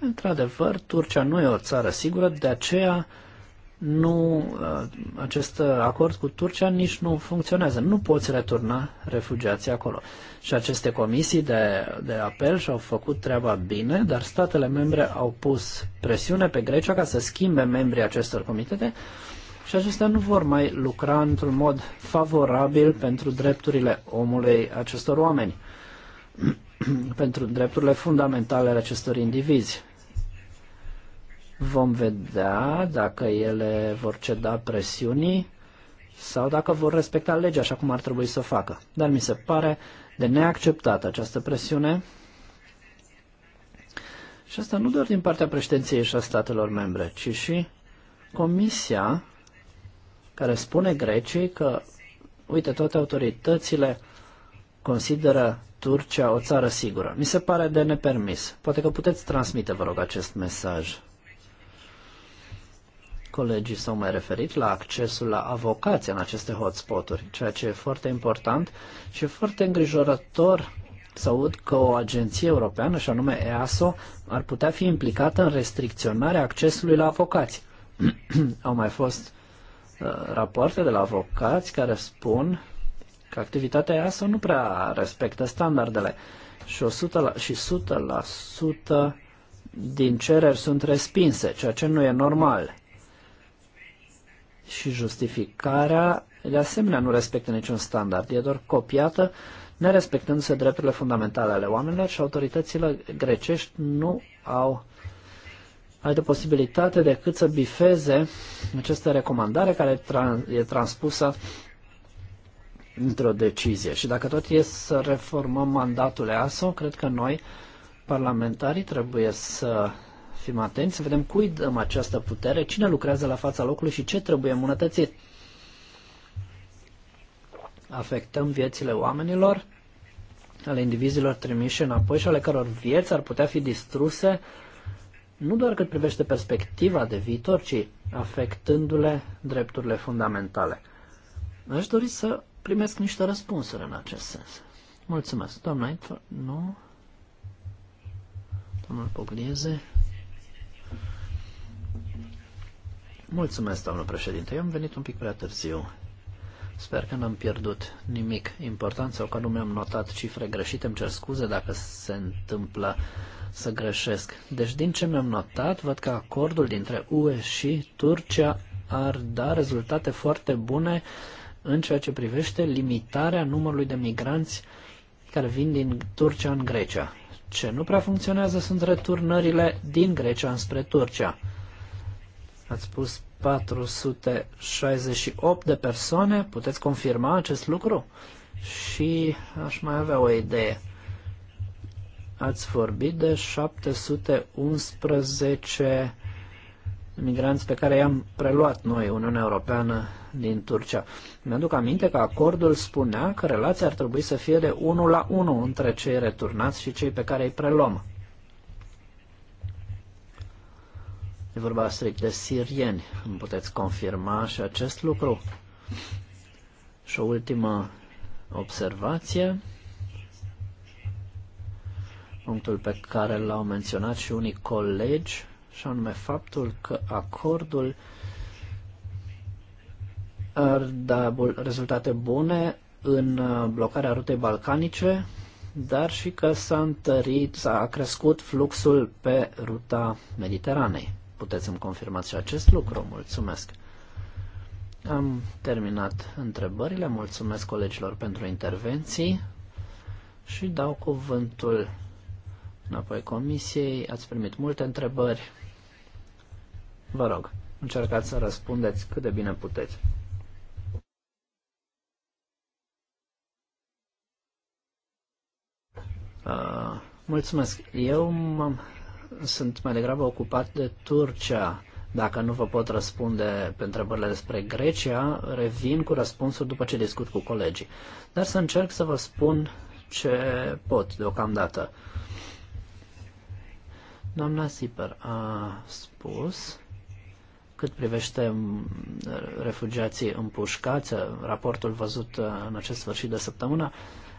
Într-adevăr, Turcia nu e o țară sigură, de aceea nu, uh, acest acord cu Turcia nici nu funcționează. Nu poți returna refugiații acolo. Și aceste comisii de, de apel și-au făcut treaba bine, dar statele membre au pus presiune pe Grecia ca să schimbe membrii acestor comitete și acestea nu vor mai lucra într-un mod favorabil pentru drepturile omului acestor oameni, pentru drepturile fundamentale ale acestor indivizi. Vom vedea dacă ele vor ceda presiunii sau dacă vor respecta legea așa cum ar trebui să facă. Dar mi se pare de neacceptată această presiune și asta nu doar din partea președinției și a statelor membre, ci și Comisia care spune Greciei că, uite, toate autoritățile consideră Turcia o țară sigură. Mi se pare de nepermis. Poate că puteți transmite, vă rog, acest mesaj. Colegii s-au mai referit la accesul la avocație în aceste hotspoturi, ceea ce e foarte important și foarte îngrijorător să aud că o agenție europeană, și anume EASO, ar putea fi implicată în restricționarea accesului la avocați. Au mai fost uh, rapoarte de la avocați care spun că activitatea EASO nu prea respectă standardele și 100%, la, și 100 din cereri sunt respinse, ceea ce nu e normal și justificarea de asemenea nu respectă niciun standard, e doar copiată, nerespectându-se drepturile fundamentale ale oamenilor și autoritățile grecești nu au altă posibilitate decât să bifeze această recomandare care e transpusă într-o decizie. Și dacă tot e să reformăm mandatul EASO, cred că noi, parlamentarii, trebuie să fim atenți, să vedem cui dăm această putere, cine lucrează la fața locului și ce trebuie îmbunătățit. Afectăm viețile oamenilor, ale indivizilor trimiși înapoi și ale căror vieți ar putea fi distruse nu doar cât privește perspectiva de viitor, ci afectându-le drepturile fundamentale. Aș dori să primesc niște răspunsuri în acest sens. Mulțumesc. Doamna nu? Domnul Poglieze. Mulțumesc, domnul președinte. Eu am venit un pic prea târziu. Sper că n-am pierdut nimic important sau că nu mi-am notat cifre greșite. Îmi cer scuze dacă se întâmplă să greșesc. Deci, din ce mi-am notat, văd că acordul dintre UE și Turcia ar da rezultate foarte bune în ceea ce privește limitarea numărului de migranți care vin din Turcia în Grecia. Ce nu prea funcționează sunt returnările din Grecia înspre Turcia. Ați spus 468 de persoane, puteți confirma acest lucru? Și aș mai avea o idee. Ați vorbit de 711 migranți pe care i-am preluat noi, Uniunea Europeană, din Turcia. Mi-aduc aminte că acordul spunea că relația ar trebui să fie de 1 la 1 între cei returnați și cei pe care îi preluăm. E vorba strict de sirieni. Îmi puteți confirma și acest lucru? Și o ultimă observație. Punctul pe care l-au menționat și unii colegi, și anume faptul că acordul ar da rezultate bune în uh, blocarea rutei balcanice, dar și că s-a întărit, s-a crescut fluxul pe ruta Mediteranei puteți să-mi confirmați și acest lucru. Mulțumesc! Am terminat întrebările, mulțumesc colegilor pentru intervenții și dau cuvântul înapoi comisiei. Ați primit multe întrebări. Vă rog, încercați să răspundeți cât de bine puteți. Uh, mulțumesc. Eu m-am sunt mai degrabă ocupat de Turcia. Dacă nu vă pot răspunde pe întrebările despre Grecia, revin cu răspunsul după ce discut cu colegii. Dar să încerc să vă spun ce pot deocamdată. Doamna Siper a spus cât privește refugiații împușcați, raportul văzut în acest sfârșit de săptămână,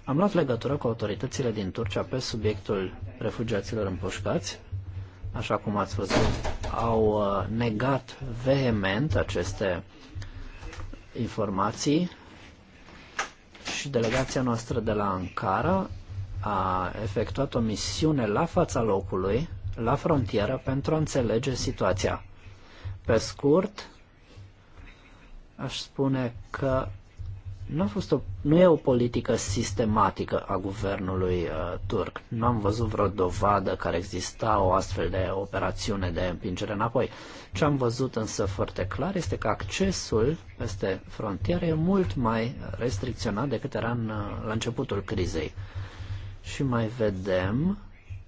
am luat legătură cu autoritățile din Turcia pe subiectul refugiaților împușcați așa cum ați văzut, au uh, negat vehement aceste informații și delegația noastră de la Ankara a efectuat o misiune la fața locului, la frontieră, pentru a înțelege situația. Pe scurt, aș spune că nu a fost o, nu e o politică sistematică a guvernului uh, turc. Nu am văzut vreo dovadă care exista o astfel de operațiune de împingere înapoi. Ce am văzut însă foarte clar este că accesul peste frontieră e mult mai restricționat decât era în, uh, la începutul crizei. Și mai vedem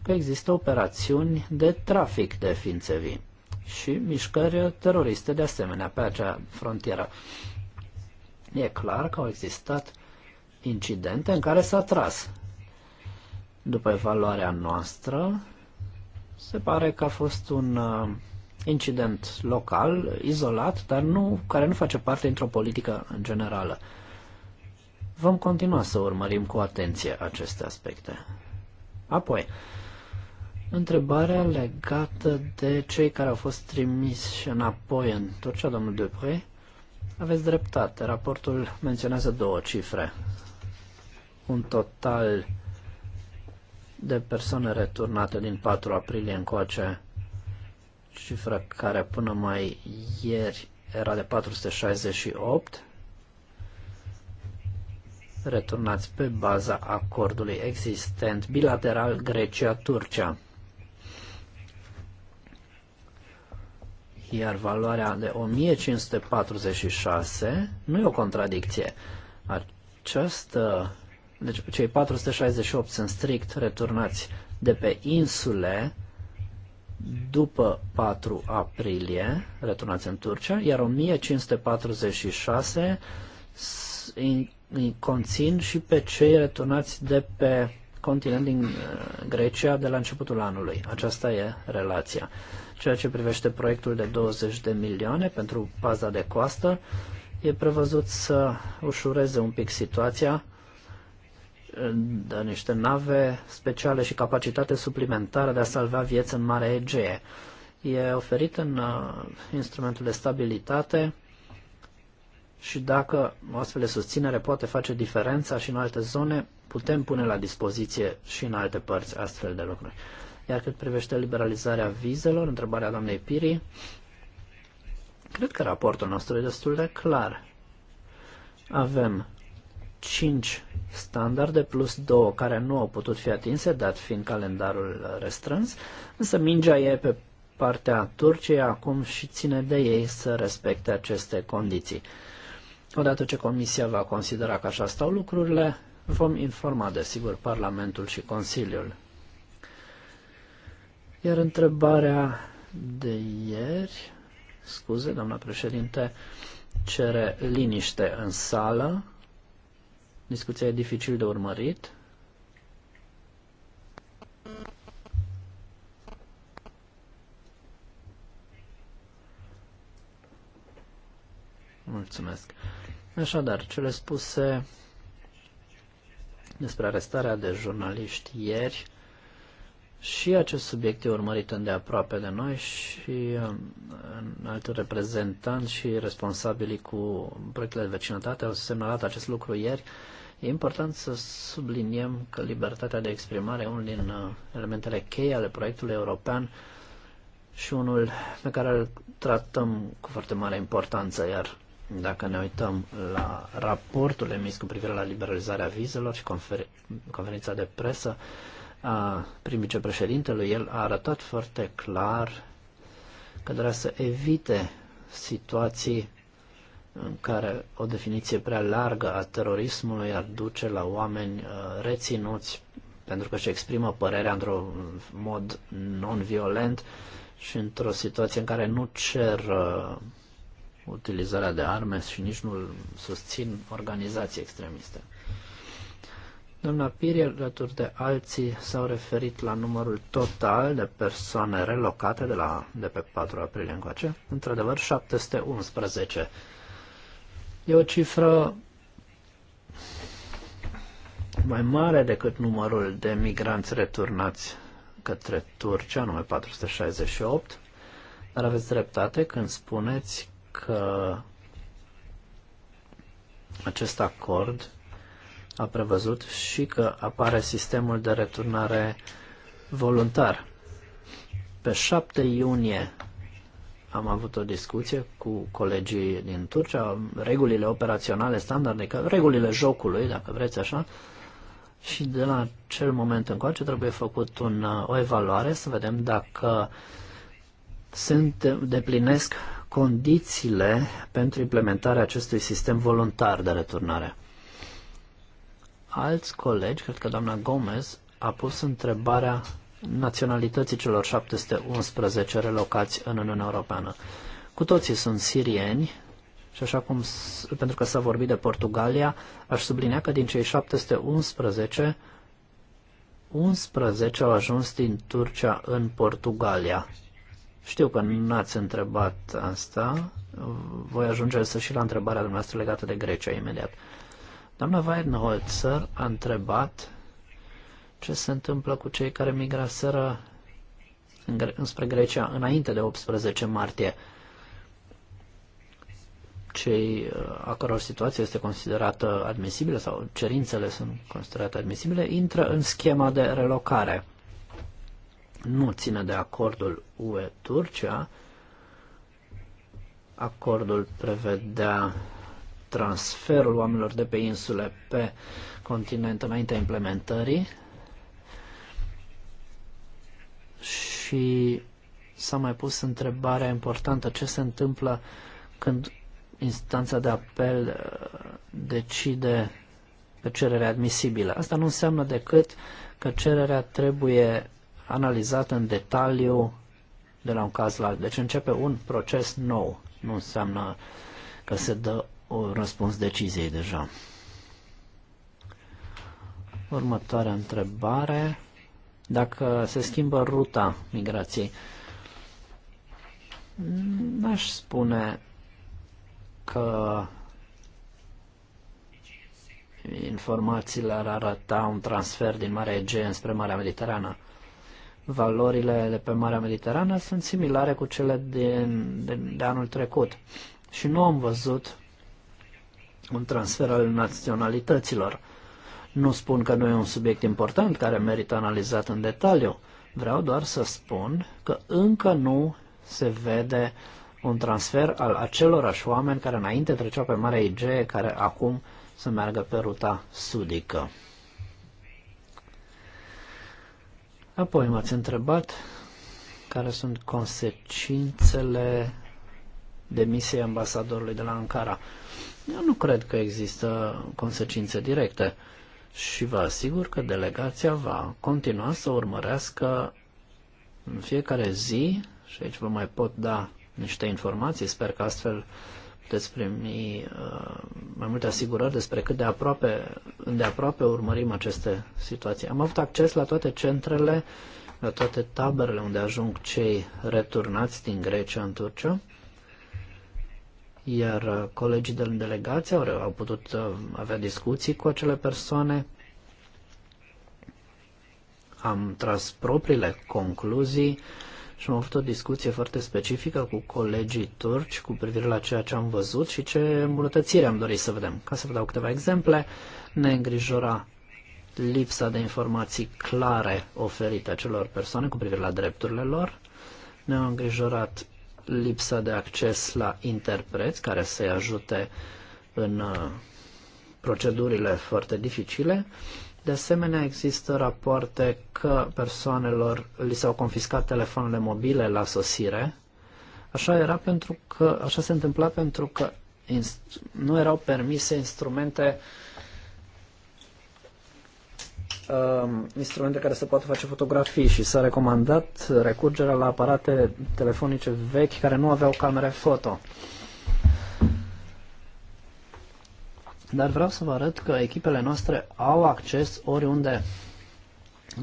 că există operațiuni de trafic de ființe vii și mișcări teroriste de asemenea pe acea frontieră. Uh, e clar că au existat incidente în care s-a tras. După evaluarea noastră, se pare că a fost un uh, incident local, izolat, dar nu, care nu face parte dintr-o politică generală. Vom continua să urmărim cu atenție aceste aspecte. Apoi, întrebarea legată de cei care au fost trimiși înapoi în Turcia, domnul Dupre, aveți dreptate. Raportul menționează două cifre. Un total de persoane returnate din 4 aprilie încoace, cifră care până mai ieri era de 468, returnați pe baza acordului existent bilateral Grecia-Turcia. Iar valoarea de 1546 nu e o contradicție. Această, deci cei 468 sunt strict returnați de pe insule după 4 aprilie, returnați în Turcia, iar 1546 conțin și pe cei returnați de pe continent din uh, Grecia de la începutul anului. Aceasta e relația. Ceea ce privește proiectul de 20 de milioane pentru paza de coastă, e prevăzut să ușureze un pic situația, de niște nave speciale și capacitate suplimentară de a salva vieți în Marea Egee. E oferit în uh, instrumentul de stabilitate și dacă o astfel de susținere poate face diferența și în alte zone, putem pune la dispoziție și în alte părți astfel de lucruri. Iar cât privește liberalizarea vizelor, întrebarea doamnei Piri, cred că raportul nostru e destul de clar. Avem 5 standarde plus 2 care nu au putut fi atinse, dat fiind calendarul restrâns, însă mingea e pe partea Turciei acum și ține de ei să respecte aceste condiții. Odată ce Comisia va considera că așa stau lucrurile, vom informa desigur Parlamentul și Consiliul. Iar întrebarea de ieri, scuze, doamna președinte, cere liniște în sală. Discuția e dificil de urmărit. Mulțumesc. Așadar, cele spuse despre arestarea de jurnaliști ieri și acest subiect e urmărit îndeaproape de noi și um, în altul reprezentant și responsabilii cu proiectele de vecinătate au semnalat acest lucru ieri. E important să subliniem că libertatea de exprimare e unul din uh, elementele cheie ale proiectului european și unul pe care îl tratăm cu foarte mare importanță, iar dacă ne uităm la raportul emis cu privire la liberalizarea vizelor și conferința de presă, a prim-vicepreședintelui, el a arătat foarte clar că trebuie să evite situații în care o definiție prea largă a terorismului ar duce la oameni uh, reținuți pentru că își exprimă părerea într-un mod non-violent și într-o situație în care nu cer uh, utilizarea de arme și nici nu susțin organizații extremiste. Doamna Piri, alături de alții, s-au referit la numărul total de persoane relocate de, la, de pe 4 aprilie încoace. Într-adevăr, 711. E o cifră mai mare decât numărul de migranți returnați către Turcia, anume 468, dar aveți dreptate când spuneți că acest acord a prevăzut și că apare sistemul de returnare voluntar. Pe 7 iunie am avut o discuție cu colegii din Turcia, regulile operaționale, standarde, regulile jocului, dacă vreți așa, și de la acel moment încoace trebuie făcut un, uh, o evaluare să vedem dacă sunt, deplinesc condițiile pentru implementarea acestui sistem voluntar de returnare alți colegi, cred că doamna Gomez, a pus întrebarea naționalității celor 711 relocați în Uniunea Europeană. Cu toții sunt sirieni și așa cum, pentru că s-a vorbit de Portugalia, aș sublinea că din cei 711, 11 au ajuns din Turcia în Portugalia. Știu că n-ați întrebat asta, voi ajunge să și la întrebarea dumneavoastră legată de Grecia imediat. Doamna Weidenholzer a întrebat ce se întâmplă cu cei care migraseră înspre Grecia înainte de 18 martie. Cei uh, a căror situație este considerată admisibilă sau cerințele sunt considerate admisibile, intră în schema de relocare. Nu ține de acordul UE-Turcia. Acordul prevedea transferul oamenilor de pe insule pe continent înaintea implementării și s-a mai pus întrebarea importantă ce se întâmplă când instanța de apel uh, decide pe cererea admisibilă. Asta nu înseamnă decât că cererea trebuie analizată în detaliu de la un caz la altul. Deci începe un proces nou. Nu înseamnă că se dă o răspuns deciziei deja. Următoarea întrebare, dacă se schimbă ruta migrației, n-aș spune că informațiile ar arăta un transfer din Marea Egee spre Marea Mediterană. Valorile de pe Marea Mediterană sunt similare cu cele din, de, de anul trecut și nu am văzut un transfer al naționalităților. Nu spun că nu e un subiect important care merită analizat în detaliu. Vreau doar să spun că încă nu se vede un transfer al acelorași oameni care înainte treceau pe Marea Igee, care acum să meargă pe ruta sudică. Apoi m-ați întrebat care sunt consecințele demisiei ambasadorului de la Ankara. Eu nu cred că există consecințe directe și vă asigur că delegația va continua să urmărească în fiecare zi, și aici vă mai pot da niște informații, sper că astfel puteți primi uh, mai multe asigurări despre cât de aproape, de aproape urmărim aceste situații. Am avut acces la toate centrele, la toate taberele unde ajung cei returnați din Grecia în Turcia iar uh, colegii de delegație au, au putut uh, avea discuții cu acele persoane. Am tras propriile concluzii și am avut o discuție foarte specifică cu colegii turci cu privire la ceea ce am văzut și ce îmbunătățiri am dorit să vedem. Ca să vă dau câteva exemple, ne îngrijora lipsa de informații clare oferite acelor persoane cu privire la drepturile lor, ne-au îngrijorat lipsa de acces la interpreți care să-i ajute în uh, procedurile foarte dificile. De asemenea, există rapoarte că persoanelor li s-au confiscat telefoanele mobile la sosire. Așa era pentru că, așa se întâmpla pentru că nu erau permise instrumente uh, Um, instrumente care să poată face fotografii și s-a recomandat recurgerea la aparate telefonice vechi care nu aveau camere foto. Dar vreau să vă arăt că echipele noastre au acces oriunde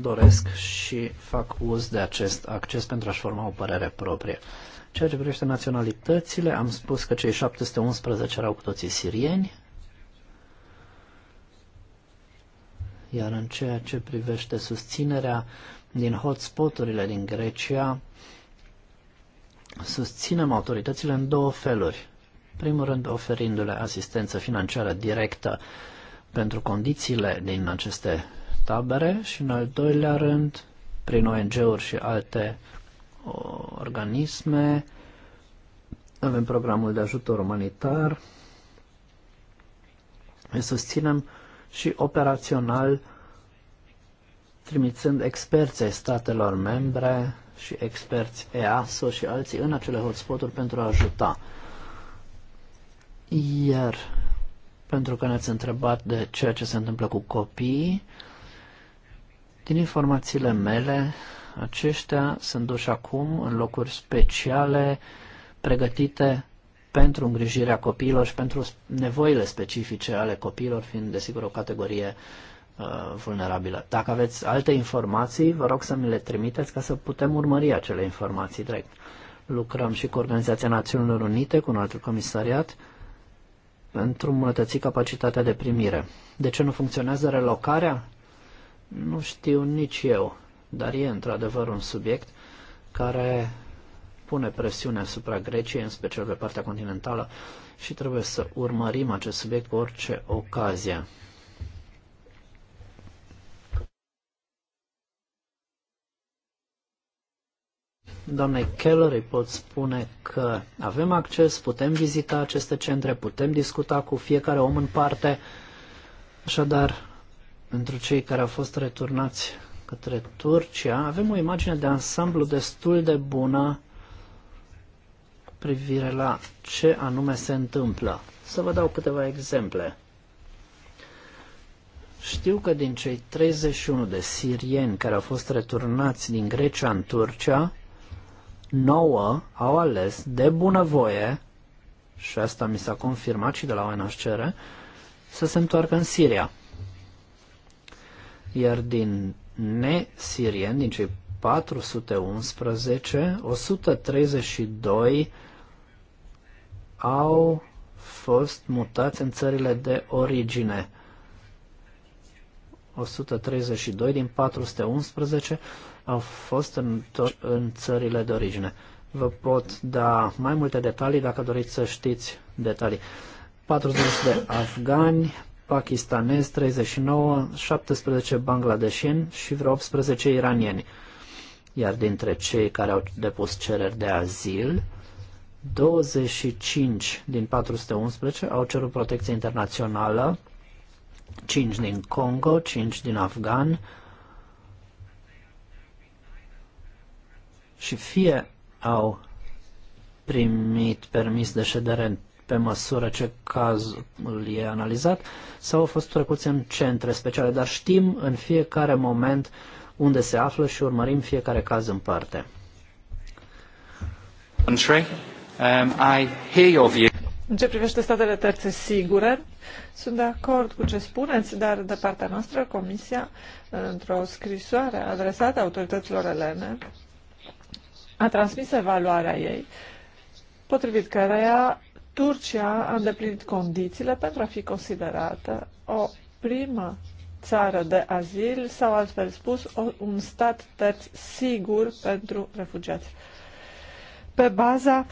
doresc și fac uz de acest acces pentru a-și forma o părere proprie. Ceea ce privește naționalitățile, am spus că cei 711 erau cu toții sirieni, Iar în ceea ce privește susținerea din hotspoturile din Grecia, susținem autoritățile în două feluri. Primul rând, oferindu-le asistență financiară directă pentru condițiile din aceste tabere și, în al doilea rând, prin ONG-uri și alte organisme. Avem programul de ajutor umanitar. Ne susținem și operațional trimițând experți ai statelor membre și experți EASO și alții în acele hotspoturi pentru a ajuta. Iar pentru că ne-ați întrebat de ceea ce se întâmplă cu copiii, din informațiile mele, aceștia sunt duși acum în locuri speciale pregătite pentru îngrijirea copiilor și pentru nevoile specifice ale copiilor, fiind desigur o categorie uh, vulnerabilă. Dacă aveți alte informații, vă rog să mi le trimiteți ca să putem urmări acele informații direct. Lucrăm și cu Organizația Națiunilor Unite, cu un alt comisariat, pentru îmbunătăți capacitatea de primire. De ce nu funcționează relocarea? Nu știu nici eu, dar e într-adevăr un subiect care pune presiune asupra Greciei, în special pe partea continentală, și trebuie să urmărim acest subiect cu orice ocazie. Doamne Keller îi pot spune că avem acces, putem vizita aceste centre, putem discuta cu fiecare om în parte. Așadar, pentru cei care au fost returnați către Turcia, avem o imagine de ansamblu destul de bună privire la ce anume se întâmplă. Să vă dau câteva exemple. Știu că din cei 31 de sirieni care au fost returnați din Grecia în Turcia, 9 au ales de bunăvoie, și asta mi s-a confirmat și de la ONHCR, să se întoarcă în Siria. Iar din nesirieni, din cei 411, 132 au fost mutați în țările de origine. 132 din 411 au fost în, în țările de origine. Vă pot da mai multe detalii dacă doriți să știți detalii. 40 de afgani, pakistanezi, 39, 17 bangladeșeni și vreo 18 iranieni. Iar dintre cei care au depus cereri de azil, 25 din 411 au cerut protecție internațională, 5 din Congo, 5 din Afgan și fie au primit permis de ședere pe măsură ce cazul e analizat sau au fost trecuți în centre speciale, dar știm în fiecare moment unde se află și urmărim fiecare caz în parte. Country. Um, În ce privește statele terțe sigure, sunt de acord cu ce spuneți, dar de partea noastră, Comisia, într-o scrisoare adresată autorităților elene, a transmis evaluarea ei, potrivit căreia Turcia a îndeplinit condițiile pentru a fi considerată o primă țară de azil sau, altfel spus, o, un stat terț sigur pentru refugiați. Pe baza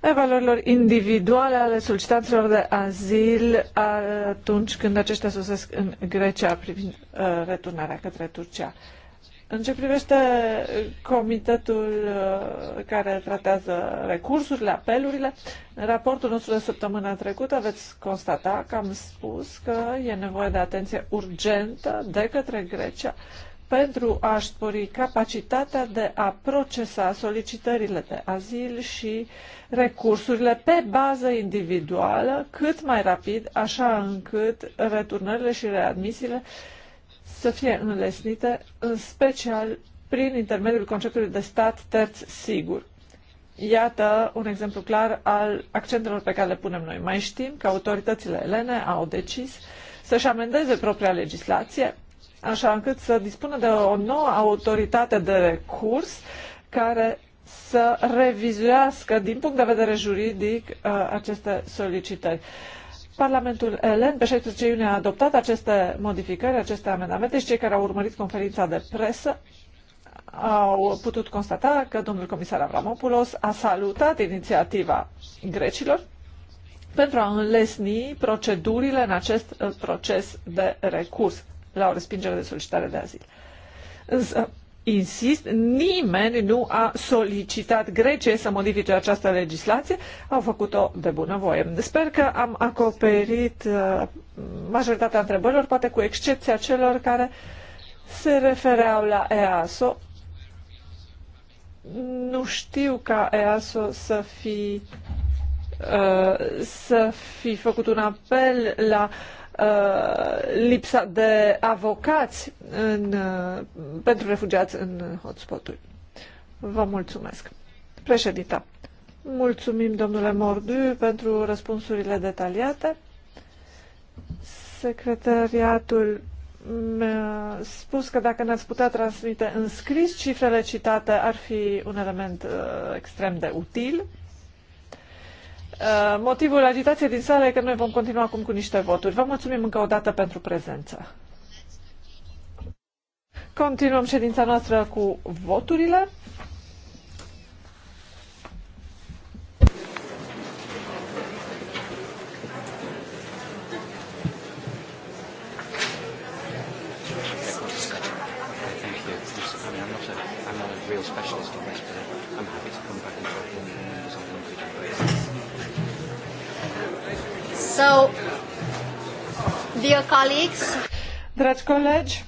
Valorilor individuale ale solicitanților de azil atunci când aceștia sosesc în Grecia privind uh, returnarea către Turcia. În ce privește comitetul uh, care tratează recursurile, apelurile, în raportul nostru de săptămâna trecută veți constata că am spus că e nevoie de atenție urgentă de către Grecia uh, pentru a spori capacitatea de a procesa solicitările de azil și recursurile pe bază individuală cât mai rapid, așa încât returnările și readmisiile să fie înlesnite, în special prin intermediul conceptului de stat terț sigur. Iată un exemplu clar al accentelor pe care le punem noi. Mai știm că autoritățile elene au decis să-și amendeze propria legislație așa încât să dispună de o nouă autoritate de recurs care să revizuiască din punct de vedere juridic uh, aceste solicitări. Parlamentul Elen, pe 16 iunie, a adoptat aceste modificări, aceste amendamente și cei care au urmărit conferința de presă au putut constata că domnul comisar Avramopoulos a salutat inițiativa grecilor pentru a înlesni procedurile în acest uh, proces de recurs la o respingere de solicitare de azil. Însă, insist, nimeni nu a solicitat Greciei să modifice această legislație, au făcut-o de bunăvoie. Sper că am acoperit uh, majoritatea întrebărilor, poate cu excepția celor care se refereau la EASO. Nu știu ca EASO să fi uh, să fi făcut un apel la uh, Uh, lipsa de avocați în, uh, pentru refugiați în hotspoturi. Vă mulțumesc. Președinta, mulțumim domnule Mordu pentru răspunsurile detaliate. Secretariatul mi-a spus că dacă ne-ați putea transmite în scris cifrele citate ar fi un element uh, extrem de util. Uh, motivul agitației din sală e că noi vom continua acum cu niște voturi. Vă mulțumim încă o dată pentru prezență. Continuăm ședința noastră cu voturile. real specialist. So, dear colleagues, Dragi colegi,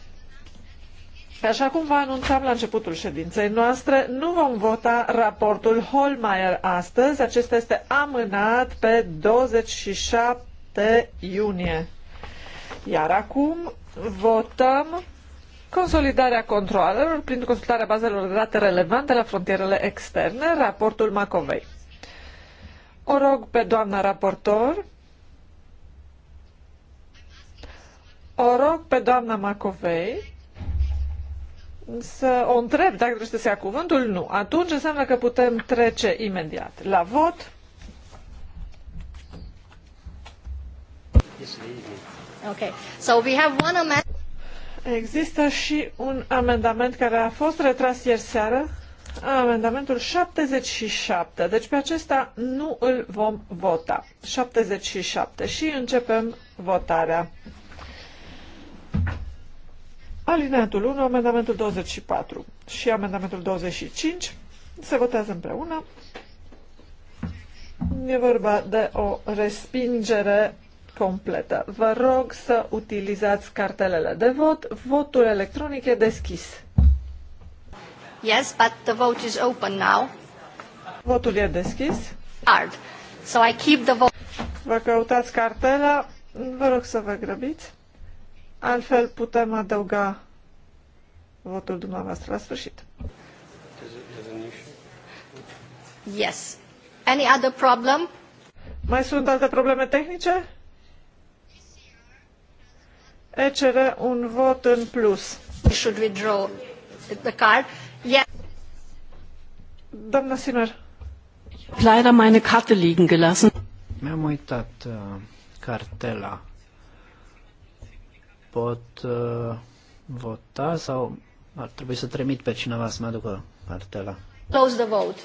așa cum vă anunțam la începutul ședinței noastre, nu vom vota raportul Holmeier astăzi. Acesta este amânat pe 27 iunie. Iar acum votăm consolidarea controlelor prin consultarea bazelor de date relevante la frontierele externe, raportul Macovei. O rog pe doamna raportor o rog pe doamna Macovei să o întreb dacă trebuie să se ia cuvântul. Nu. Atunci înseamnă că putem trece imediat la vot. Okay. So we have one Există și un amendament care a fost retras ieri seară, amendamentul 77. Deci pe acesta nu îl vom vota. 77. Și începem votarea. Alineatul 1, amendamentul 24 și amendamentul 25 se votează împreună. E vorba de o respingere completă. Vă rog să utilizați cartelele de vot. Votul electronic e deschis. Yes, but the vote is open now. Votul e deschis. Hard. So I keep the vote. Vă căutați cartela. Vă rog să vă grăbiți. Altfel putem adăuga votul dumneavoastră la sfârșit. Yes. Any other problem? Mai sunt alte probleme tehnice? ECR un vot în plus. We should withdraw the card. Yes. Doamna Simer. Leider meine Karte liegen gelassen. Mi-am uitat uh, cartela pot uh, vota sau ar trebui să trimit pe cineva să mă aducă cartela? Close the vote.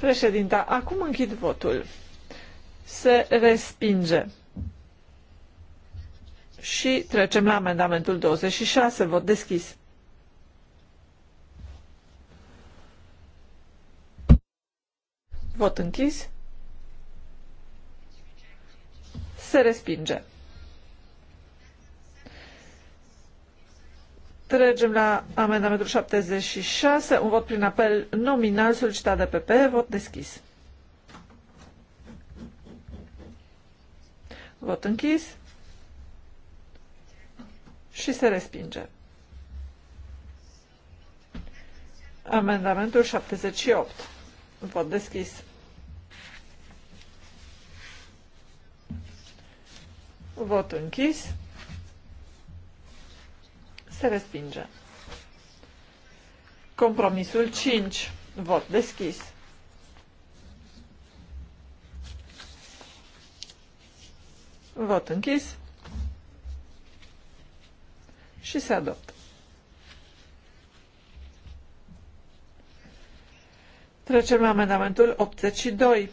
Președinta, acum închid votul. Se respinge. Și trecem la amendamentul 26, vot deschis. Vot închis. Se respinge. Trecem la amendamentul 76, un vot prin apel nominal solicitat de PP, vot deschis. Vot închis și se respinge. Amendamentul 78. Vot deschis. Vot închis. Se respinge. Compromisul 5. Vot deschis. Vot închis. Și se adoptă. Trecem la amendamentul 82.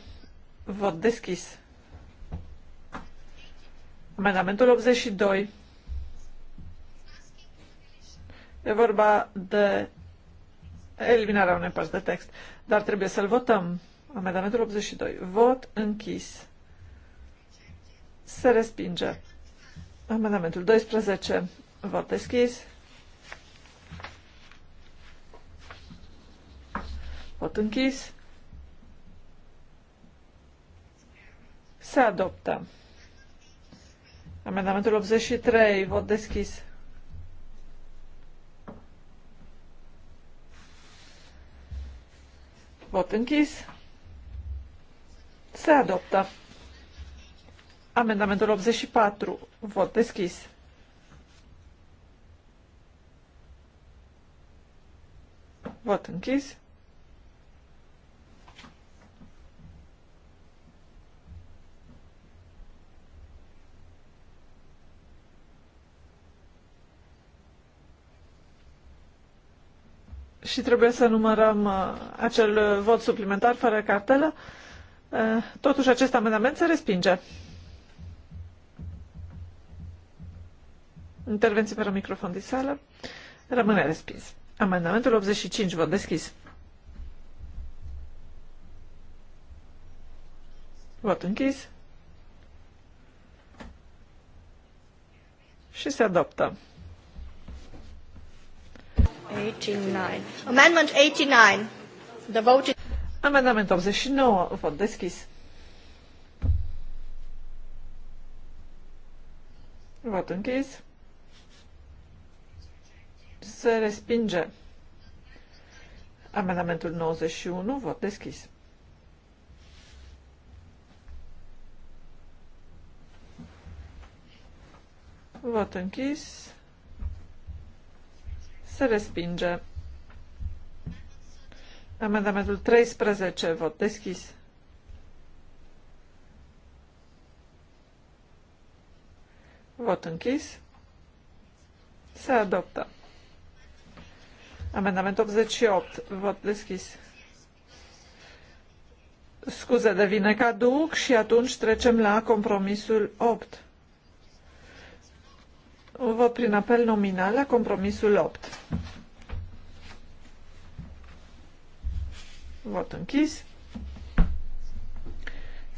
Vot deschis. Amendamentul 82. E vorba de eliminarea unei părți de text. Dar trebuie să-l votăm. Amendamentul 82. Vot închis. Se respinge. Amendamentul 12. Vot deschis. Vot închis. Se adoptă. Amendamentul 83. Vot deschis. Vot închis. Se adoptă. Amendamentul 84. Vot deschis. Vot închis. și trebuie să numărăm uh, acel uh, vot suplimentar fără cartelă. Uh, totuși, acest amendament se respinge. Intervenții fără microfon din sală. Rămâne respins. Amendamentul 85, vot deschis. Vot închis. Și se adoptă. 89. Amendment 89. The vote is... Amendament 89. Vot deschis. Vot închis. Se respinge. Amendamentul 91. Vot deschis. Vot închis. Se respinge. Amendamentul 13, vot deschis. Vot închis. Se adoptă. Amendament 88, vot deschis. Scuze, devine caduc și atunci trecem la compromisul 8. Vă vot prin apel nominal la compromisul 8. Vot închis.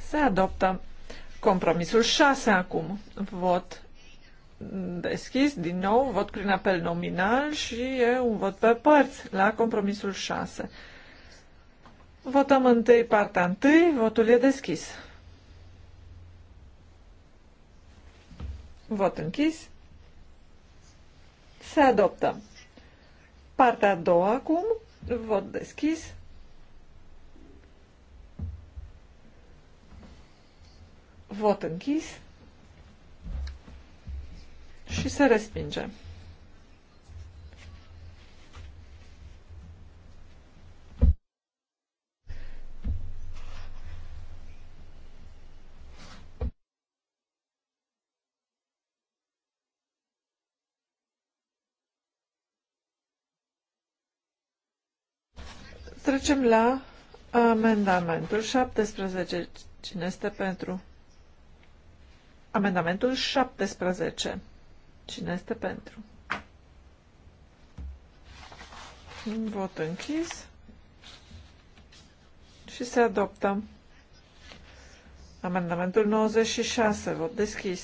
Se adoptă compromisul 6 acum. Vot deschis, din nou, vot prin apel nominal și e un vot pe părți la compromisul 6. Votăm întâi partea întâi, votul e deschis. Vot închis. Se adoptă. Partea a doua acum, vot deschis. Vot închis. Și se respinge. Trecem la amendamentul 17. Cine este pentru? Amendamentul 17. Cine este pentru? Vot închis. Și se adoptă. Amendamentul 96. Vot deschis.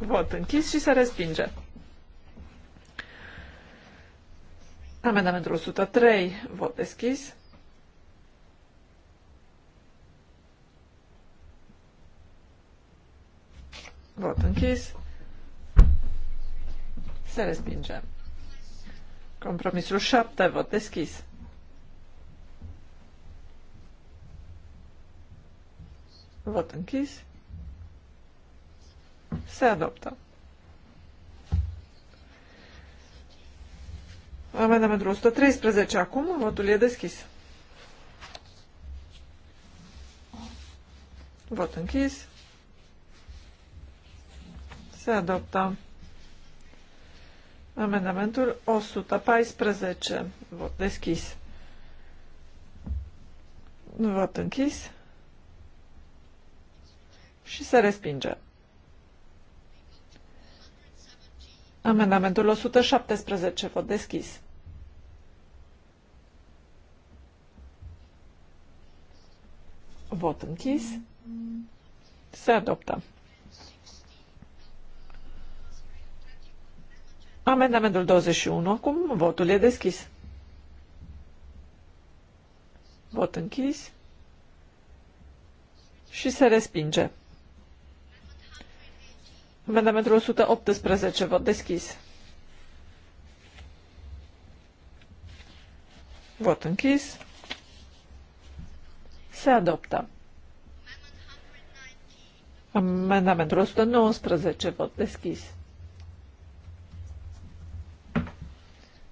Vot închis și se respinge. Amendamentul 103, vot deschis. Vot închis. Se respinge. Compromisul 7, vot deschis. Vot închis. Se adoptă. Amendamentul 113 acum, votul e deschis. Vot închis. Se adoptă. Amendamentul 114. Vot deschis. Vot închis. Și se respinge. Amendamentul 117. Vot deschis. Vot închis. Se adoptă. Amendamentul 21. Acum votul e deschis. Vot închis. Și se respinge. Amendamentul 118, vot deschis. Vot închis. Se adoptă. Amendamentul 119, vot deschis.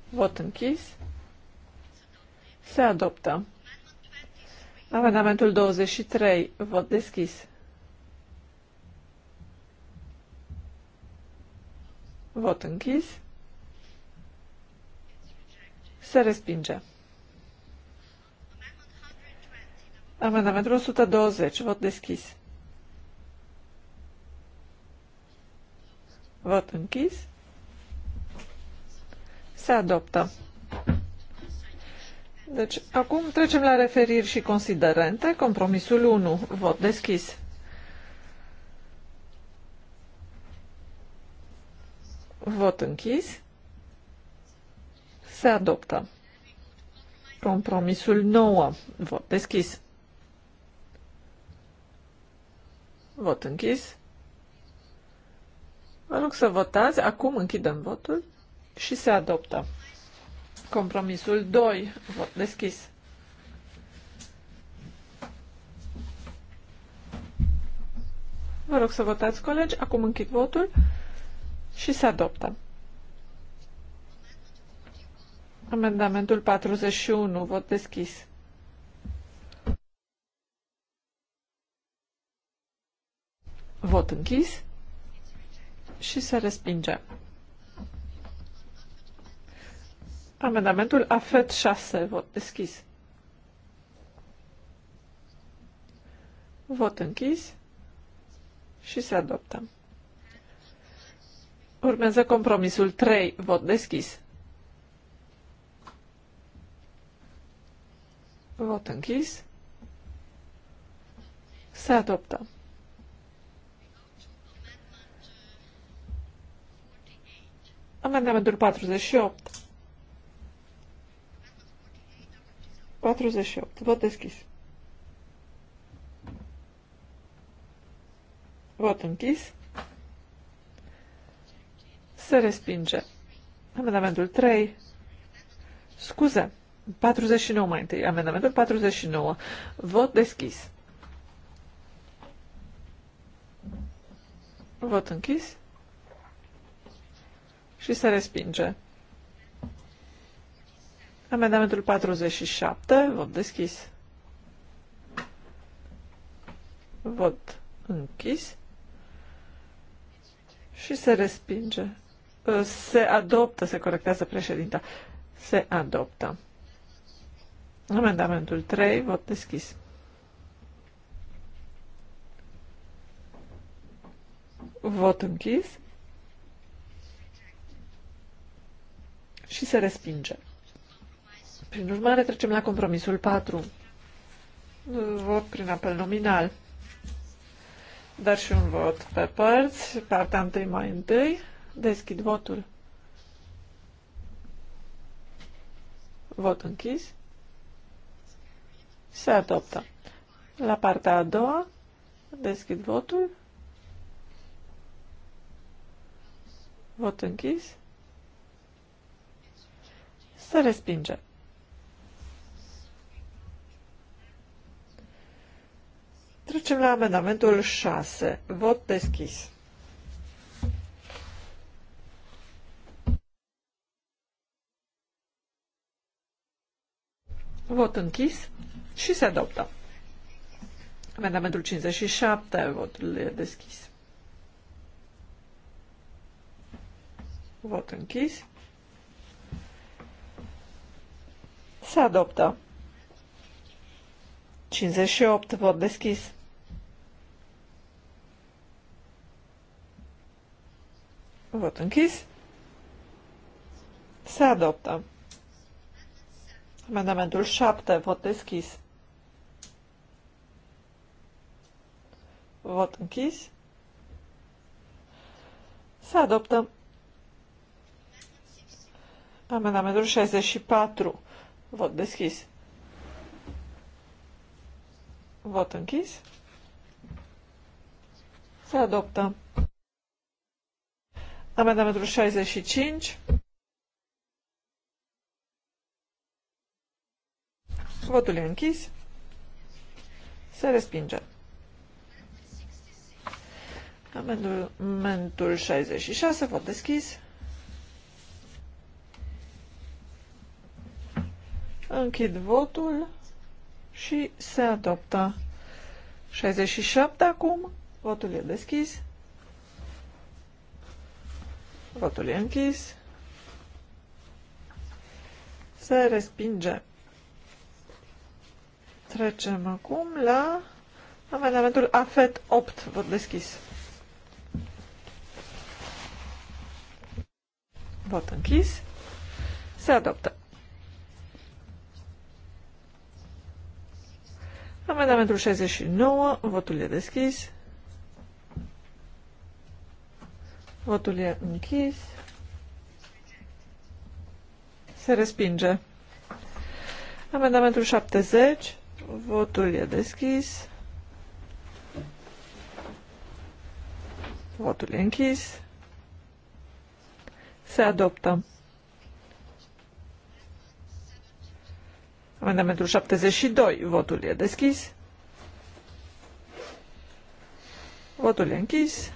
Vot închis. Se adoptă. Amendamentul 23, vot deschis. Vot închis. Se respinge. Amendamentul 120. Vot deschis. Vot închis. Se adoptă. Deci, acum trecem la referiri și considerente. Compromisul 1. Vot deschis. Vot închis. Se adoptă. Compromisul 9. Vot deschis. Vot închis. Vă rog să votați. Acum închidem votul și se adoptă. Compromisul 2. Vot deschis. Vă rog să votați, colegi. Acum închid votul și se adoptă. Amendamentul 41, vot deschis. Vot închis și se respinge. Amendamentul AFET 6, vot deschis. Vot închis și se adoptă. Urmează compromisul 3, vot deschis. Vot închis. Se adoptă. Amendamentul 48. 48. Vot deschis. Vot închis. Se respinge. Amendamentul 3. Scuze. 49 mai întâi. Amendamentul 49. Vot deschis. Vot închis. Și se respinge. Amendamentul 47. Vot deschis. Vot închis. Și se respinge. Uh, se adoptă, se corectează președinta, se adoptă. Amendamentul 3, vot deschis. Vot închis. Și se respinge. Prin urmare, trecem la compromisul 4. Vot prin apel nominal. Dar și un vot pe părți, partea întâi mai întâi. Deschid votul. Vot închis. Se adoptă. La partea a doua, deschid votul. Vot închis. Se respinge. Trecem la amendamentul 6. Vot deschis. Vot închis și se adoptă. Amendamentul 57, votul e deschis. Vot închis. Se adoptă. 58, vot deschis. Vot închis. Se adoptă. Amendamentul 7, vot deschis. Vot închis. Se adoptă amendamentul 64, vot deschis. Vot închis. Se adoptă amendamentul 65. Sfătul e închis. Se respinge. Amendamentul 66, vot deschis. Închid votul și se adoptă. 67 acum, votul e deschis. Votul e închis. Se respinge. Trecem acum la amendamentul AFET 8. Vot deschis. Vot închis. Se adoptă. Amendamentul 69. Votul e deschis. Votul e închis. Se respinge. Amendamentul 70. Votul e deschis. Votul e închis. Se adoptă. Amendamentul 72. Votul e deschis. Votul e închis.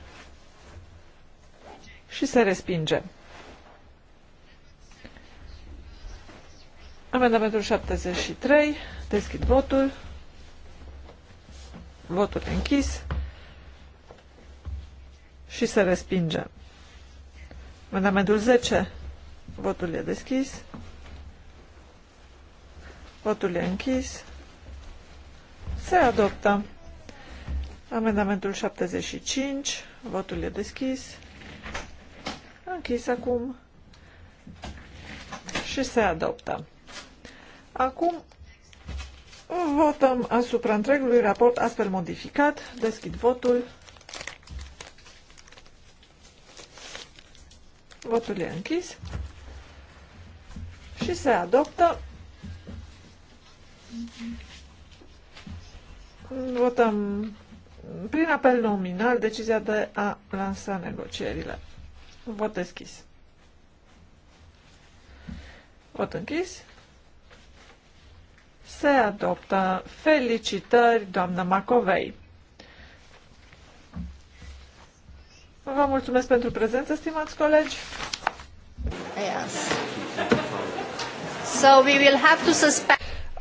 Și se respinge. Amendamentul 73. Deschid votul. Votul e închis. Și se respinge. Amendamentul 10. Votul e deschis. Votul e închis. Se adoptă. Amendamentul 75. Votul e deschis. Închis acum. Și se adoptă. Acum Votăm asupra întregului raport astfel modificat. Deschid votul. Votul e închis și se adoptă. Votăm prin apel nominal decizia de a lansa negocierile. Vot deschis. Vot închis se adoptă. Felicitări, doamnă Macovei! Vă mulțumesc pentru prezență, stimați colegi. Yes. So we will have to suspend.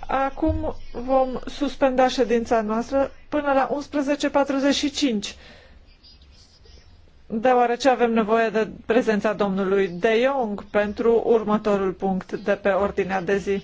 Acum vom suspenda ședința noastră până la 11.45, deoarece avem nevoie de prezența domnului De Jong pentru următorul punct de pe ordinea de zi.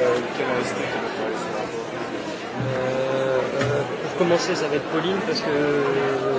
Euh, euh, pour commencer, ça va être Pauline parce que euh,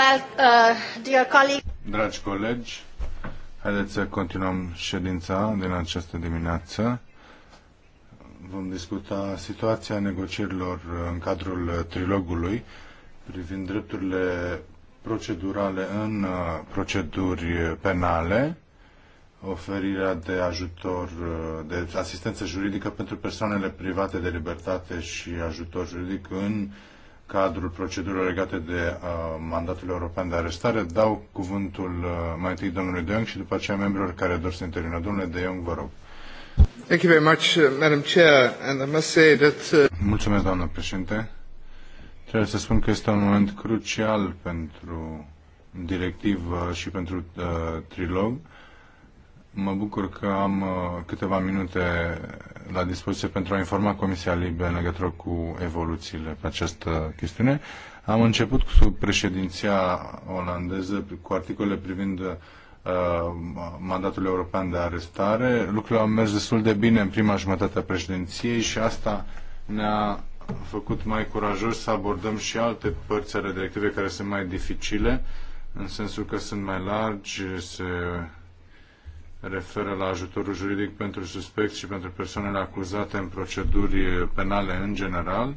Well, uh, dear colleague... Dragi colegi, haideți să continuăm ședința din această dimineață. Vom discuta situația negocierilor în cadrul trilogului privind drepturile procedurale în uh, proceduri penale, oferirea de ajutor, uh, de asistență juridică pentru persoanele private de libertate și ajutor juridic în uh, cadrul procedurilor legate de uh, mandatul european de arestare. Dau cuvântul uh, mai întâi domnului De Jong și după aceea membrilor care doresc să intervină. Domnule De Jong, vă rog. Thank you very much, uh, Madam Chair, and I must say that... Mulțumesc, doamnă președinte. Trebuie să spun că este un moment crucial pentru directivă și pentru uh, trilog. Uh, Mă bucur că am uh, câteva minute la dispoziție pentru a informa Comisia Libe în legătură cu evoluțiile pe această chestiune. Am început cu președinția olandeză cu articole privind uh, mandatul european de arestare. Lucrurile au mers destul de bine în prima jumătate a președinției și asta ne-a făcut mai curajos să abordăm și alte părți ale directivei care sunt mai dificile, în sensul că sunt mai largi, se referă la ajutorul juridic pentru suspecți și pentru persoanele acuzate în proceduri penale în general.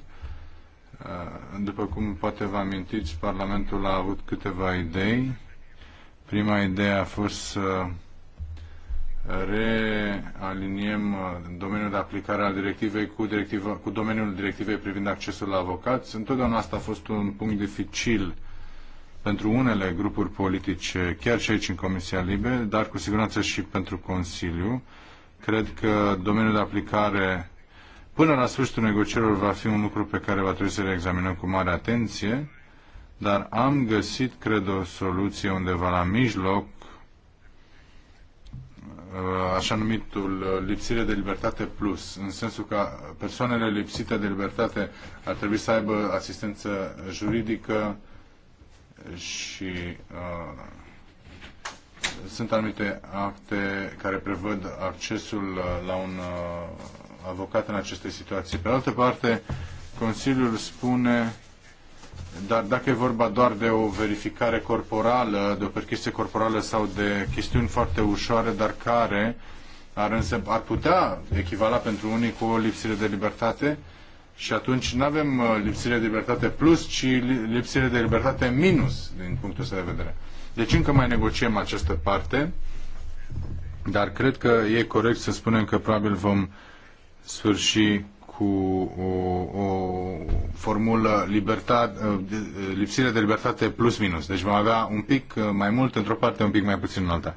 Uh, după cum poate vă amintiți, Parlamentul a avut câteva idei. Prima idee a fost să realiniem uh, domeniul de aplicare al directivei cu, directiva, cu domeniul directivei privind accesul la avocați. Întotdeauna asta a fost un punct dificil pentru unele grupuri politice, chiar și aici în Comisia Libe, dar cu siguranță și pentru Consiliu. Cred că domeniul de aplicare până la sfârșitul negocierilor va fi un lucru pe care va trebui să-l examinăm cu mare atenție, dar am găsit, cred, o soluție undeva la mijloc, uh, așa numitul uh, lipsire de libertate plus, în sensul că persoanele lipsite de libertate ar trebui să aibă asistență juridică și uh, sunt anumite acte care prevăd accesul uh, la un uh, avocat în aceste situații. Pe altă parte, Consiliul spune dar dacă e vorba doar de o verificare corporală, de o percheție corporală sau de chestiuni foarte ușoare, dar care ar, însă, ar putea echivala pentru unii cu o lipsire de libertate, și atunci nu avem uh, lipsire de libertate plus, ci lipsire de libertate minus, din punctul ăsta de vedere. Deci încă mai negociem această parte, dar cred că e corect să spunem că probabil vom sfârși cu o, o formulă libertate, uh, uh, lipsire de libertate plus minus. Deci vom avea un pic mai mult într-o parte, un pic mai puțin în alta.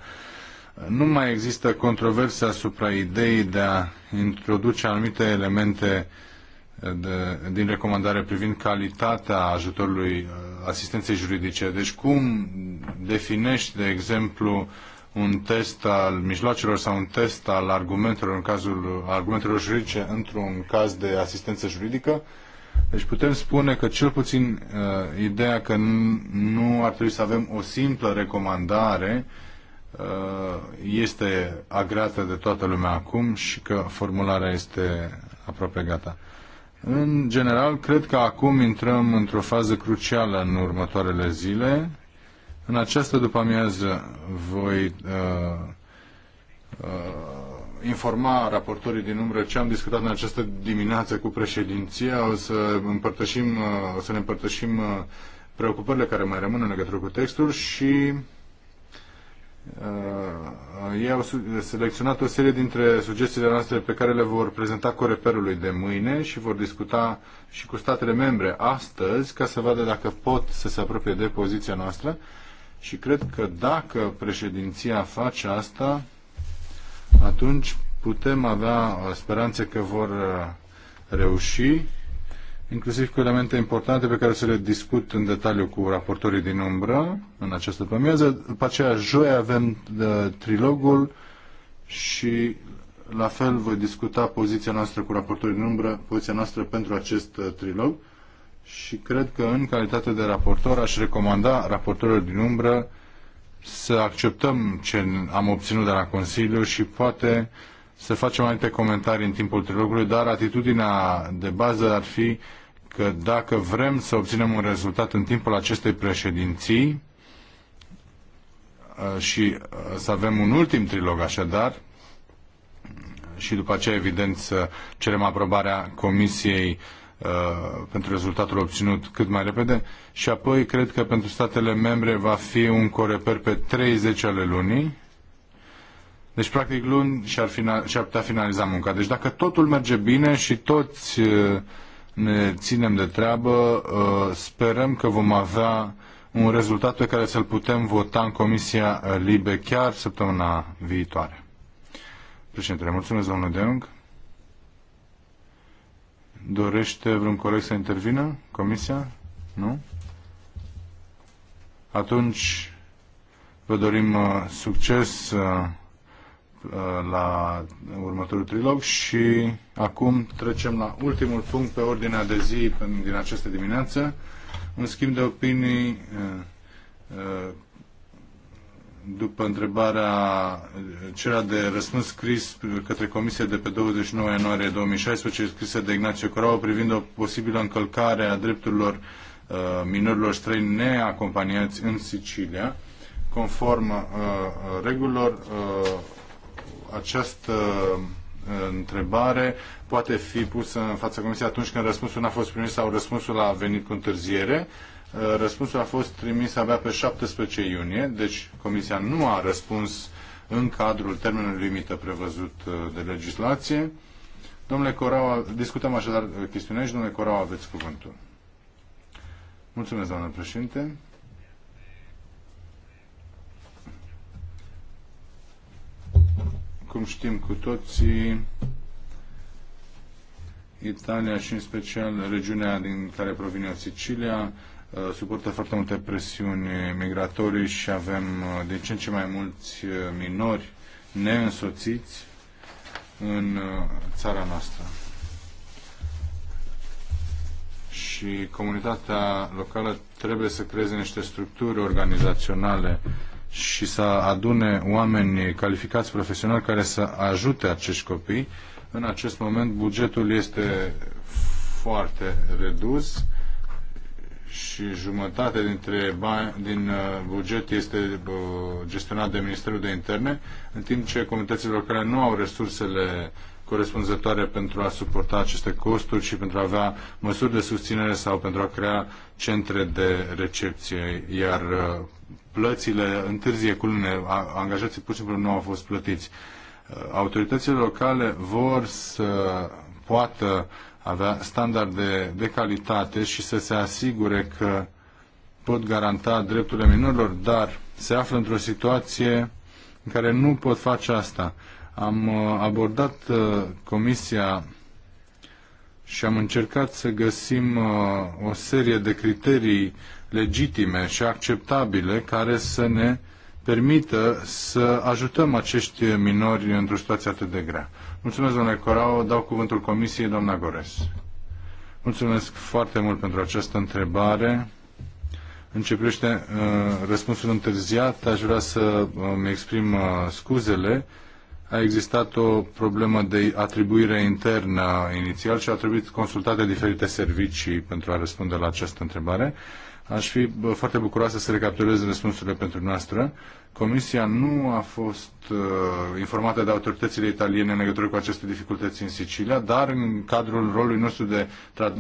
Nu mai există controverse asupra ideii de a introduce anumite elemente uh, de, din recomandare privind calitatea ajutorului uh, asistenței juridice. Deci cum definești, de exemplu, un test al mijloacelor sau un test al argumentelor în cazul argumentelor juridice într-un caz de asistență juridică? Deci putem spune că cel puțin uh, ideea că nu ar trebui să avem o simplă recomandare uh, este agreată de toată lumea acum și că formularea este aproape gata. În general, cred că acum intrăm într-o fază crucială în următoarele zile. În această după-amiază voi uh, uh, informa raportorii din umbră ce am discutat în această dimineață cu președinția. O să, împărtășim, uh, o să ne împărtășim uh, preocupările care mai rămân în legătură cu textul și ei uh, au selecționat o serie dintre sugestiile noastre pe care le vor prezenta coreperului de mâine și vor discuta și cu statele membre astăzi ca să vadă dacă pot să se apropie de poziția noastră și cred că dacă președinția face asta, atunci putem avea uh, speranțe că vor uh, reuși inclusiv cu elemente importante pe care să le discut în detaliu cu raportorii din umbră în această pămiază. După aceea, joi avem de, uh, trilogul și la fel voi discuta poziția noastră cu raportorii din umbră, poziția noastră pentru acest uh, trilog și cred că în calitate de raportor aș recomanda raportorilor din umbră să acceptăm ce am obținut de la Consiliu și poate uh, să facem multe comentarii în timpul trilogului, dar atitudinea de bază ar fi că dacă vrem să obținem un rezultat în timpul acestei președinții uh, și uh, să avem un ultim trilog așadar, și după aceea, evident, să cerem aprobarea Comisiei uh, pentru rezultatul obținut cât mai repede și apoi cred că pentru statele membre va fi un coreper pe 30 ale lunii deci, practic, luni și-ar, final, și-ar putea finaliza munca. Deci, dacă totul merge bine și toți uh, ne ținem de treabă, uh, sperăm că vom avea un rezultat pe care să-l putem vota în Comisia Libe chiar săptămâna viitoare. Președintele, mulțumesc, domnul Deung. Dorește vreun coleg să intervină? Comisia? Nu? Atunci vă dorim uh, succes Uh, la următorul trilog și acum trecem la ultimul punct pe ordinea de zi din această dimineață, un schimb de opinii uh, uh, după întrebarea cerea de răspuns scris către Comisie de pe 29 ianuarie 2016, scrisă de Ignacio Corau, privind o posibilă încălcare a drepturilor minorilor străini neacompaniați în Sicilia, conform regulilor această uh, întrebare poate fi pusă în fața Comisiei atunci când răspunsul n-a fost primit sau răspunsul a venit cu întârziere. Uh, răspunsul a fost trimis abia pe 17 iunie, deci Comisia nu a răspuns în cadrul termenului limită prevăzut uh, de legislație. Domnule Corau, discutăm așadar chestiunea și domnule Corau aveți cuvântul. Mulțumesc, doamnă președinte. cum știm cu toții, Italia și în special regiunea din care provine Sicilia uh, suportă foarte multe presiuni migratorii și avem uh, de ce în ce mai mulți uh, minori neînsoțiți în țara noastră. Și comunitatea locală trebuie să creeze niște structuri organizaționale și să adune oameni calificați profesional care să ajute acești copii. În acest moment bugetul este foarte redus și jumătate dintre bani, din uh, buget este uh, gestionat de Ministerul de Interne, în timp ce comunitățile locale nu au resursele corespunzătoare pentru a suporta aceste costuri și pentru a avea măsuri de susținere sau pentru a crea centre de recepție, iar uh, plățile întârzie cu lune, angajații pur și simplu nu au fost plătiți. Uh, autoritățile locale vor să poată avea standarde de calitate și să se asigure că pot garanta drepturile minorilor, dar se află într-o situație în care nu pot face asta. Am uh, abordat uh, comisia și am încercat să găsim uh, o serie de criterii legitime și acceptabile care să ne permită să ajutăm acești minori într-o situație atât de grea. Mulțumesc, domnule Corau. Dau cuvântul Comisiei, doamna Gores. Mulțumesc foarte mult pentru această întrebare. Începește uh, răspunsul întârziat. Aș vrea să uh, mi exprim uh, scuzele. Uh, a existat o problemă de atribuire internă inițial și au trebuit consultate diferite servicii pentru a răspunde la această întrebare. Aș fi foarte bucuroasă să recapitulez răspunsurile pentru noastră. Comisia nu a fost uh, informată de autoritățile italiene în legătură cu aceste dificultăți în Sicilia, dar în cadrul rolului nostru de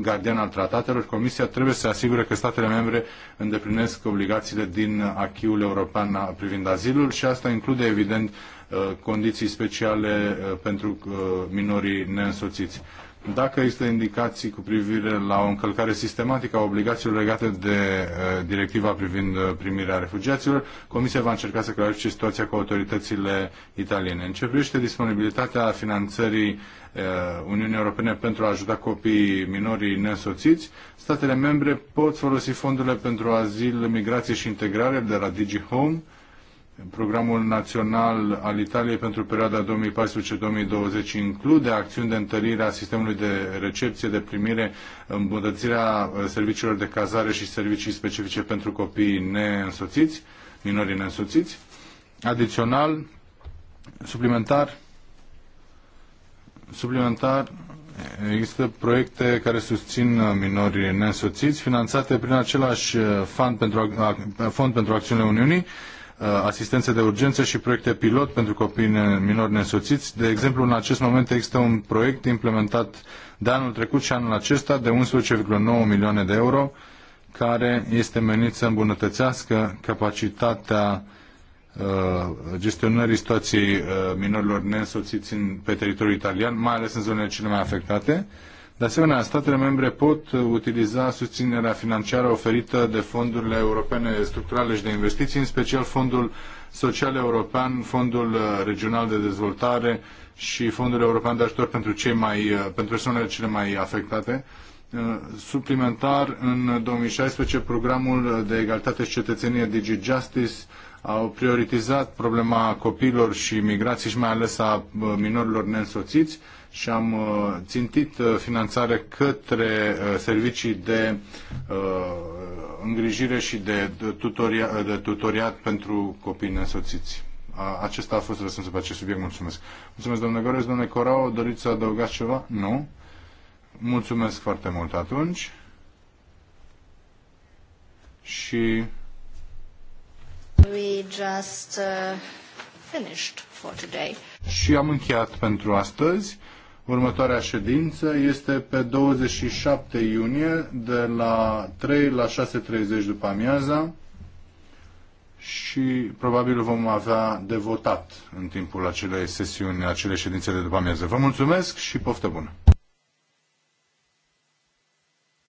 gardian al tratatelor, Comisia trebuie să asigure că statele membre îndeplinesc obligațiile din achiul european privind azilul și asta include, evident, uh, condiții speciale uh, pentru uh, minorii neînsoțiți dacă există indicații cu privire la o încălcare sistematică a obligațiilor legate de directiva privind primirea refugiaților, Comisia va încerca să clarifice situația cu autoritățile italiene. În ce privește disponibilitatea finanțării Uniunii Europene pentru a ajuta copiii minorii nesoțiți, statele membre pot folosi fondurile pentru azil, migrație și integrare de la DigiHome, Home, Programul național al Italiei pentru perioada 2014-2020 include acțiuni de întărire a sistemului de recepție, de primire, îmbunătățirea uh, serviciilor de cazare și servicii specifice pentru copiii neînsoțiți, minorii neînsoțiți. Adițional, suplimentar, suplimentar există proiecte care susțin uh, minorii neînsoțiți, finanțate prin același uh, fond pentru, fond pentru acțiunile Uniunii, Uh, asistențe de urgență și proiecte pilot pentru copii minori nesoțiți. De exemplu, în acest moment există un proiect implementat de anul trecut și anul acesta de 11,9 milioane de euro care este menit să îmbunătățească capacitatea uh, gestionării situației uh, minorilor nesoțiți pe teritoriul italian, mai ales în zonele cele mai afectate. De asemenea, statele membre pot utiliza susținerea financiară oferită de fondurile europene structurale și de investiții, în special Fondul Social European, Fondul uh, Regional de Dezvoltare și Fondul European de Ajutor pentru, cei mai, uh, pentru persoanele cele mai afectate. Uh, suplimentar, în 2016, programul de egalitate și cetățenie Digi Justice au prioritizat problema copiilor și migrației și mai ales a minorilor neînsoțiți și am uh, țintit uh, finanțare către uh, servicii de îngrijire și de, tutoria, de tutoriat pentru copii nesoțiți. Acesta a fost răspunsul pe acest subiect. Mulțumesc. Mulțumesc, domnule Gorez. Domnule Corao, doriți să adăugați ceva? Nu? Mulțumesc foarte mult atunci. Și... We just uh, finished for today. Și am încheiat pentru astăzi. Următoarea ședință este pe 27 iunie de la 3 la 6.30 după amiaza și probabil vom avea de votat în timpul acelei sesiuni, acelei ședințe de după amiază. Vă mulțumesc și poftă bună!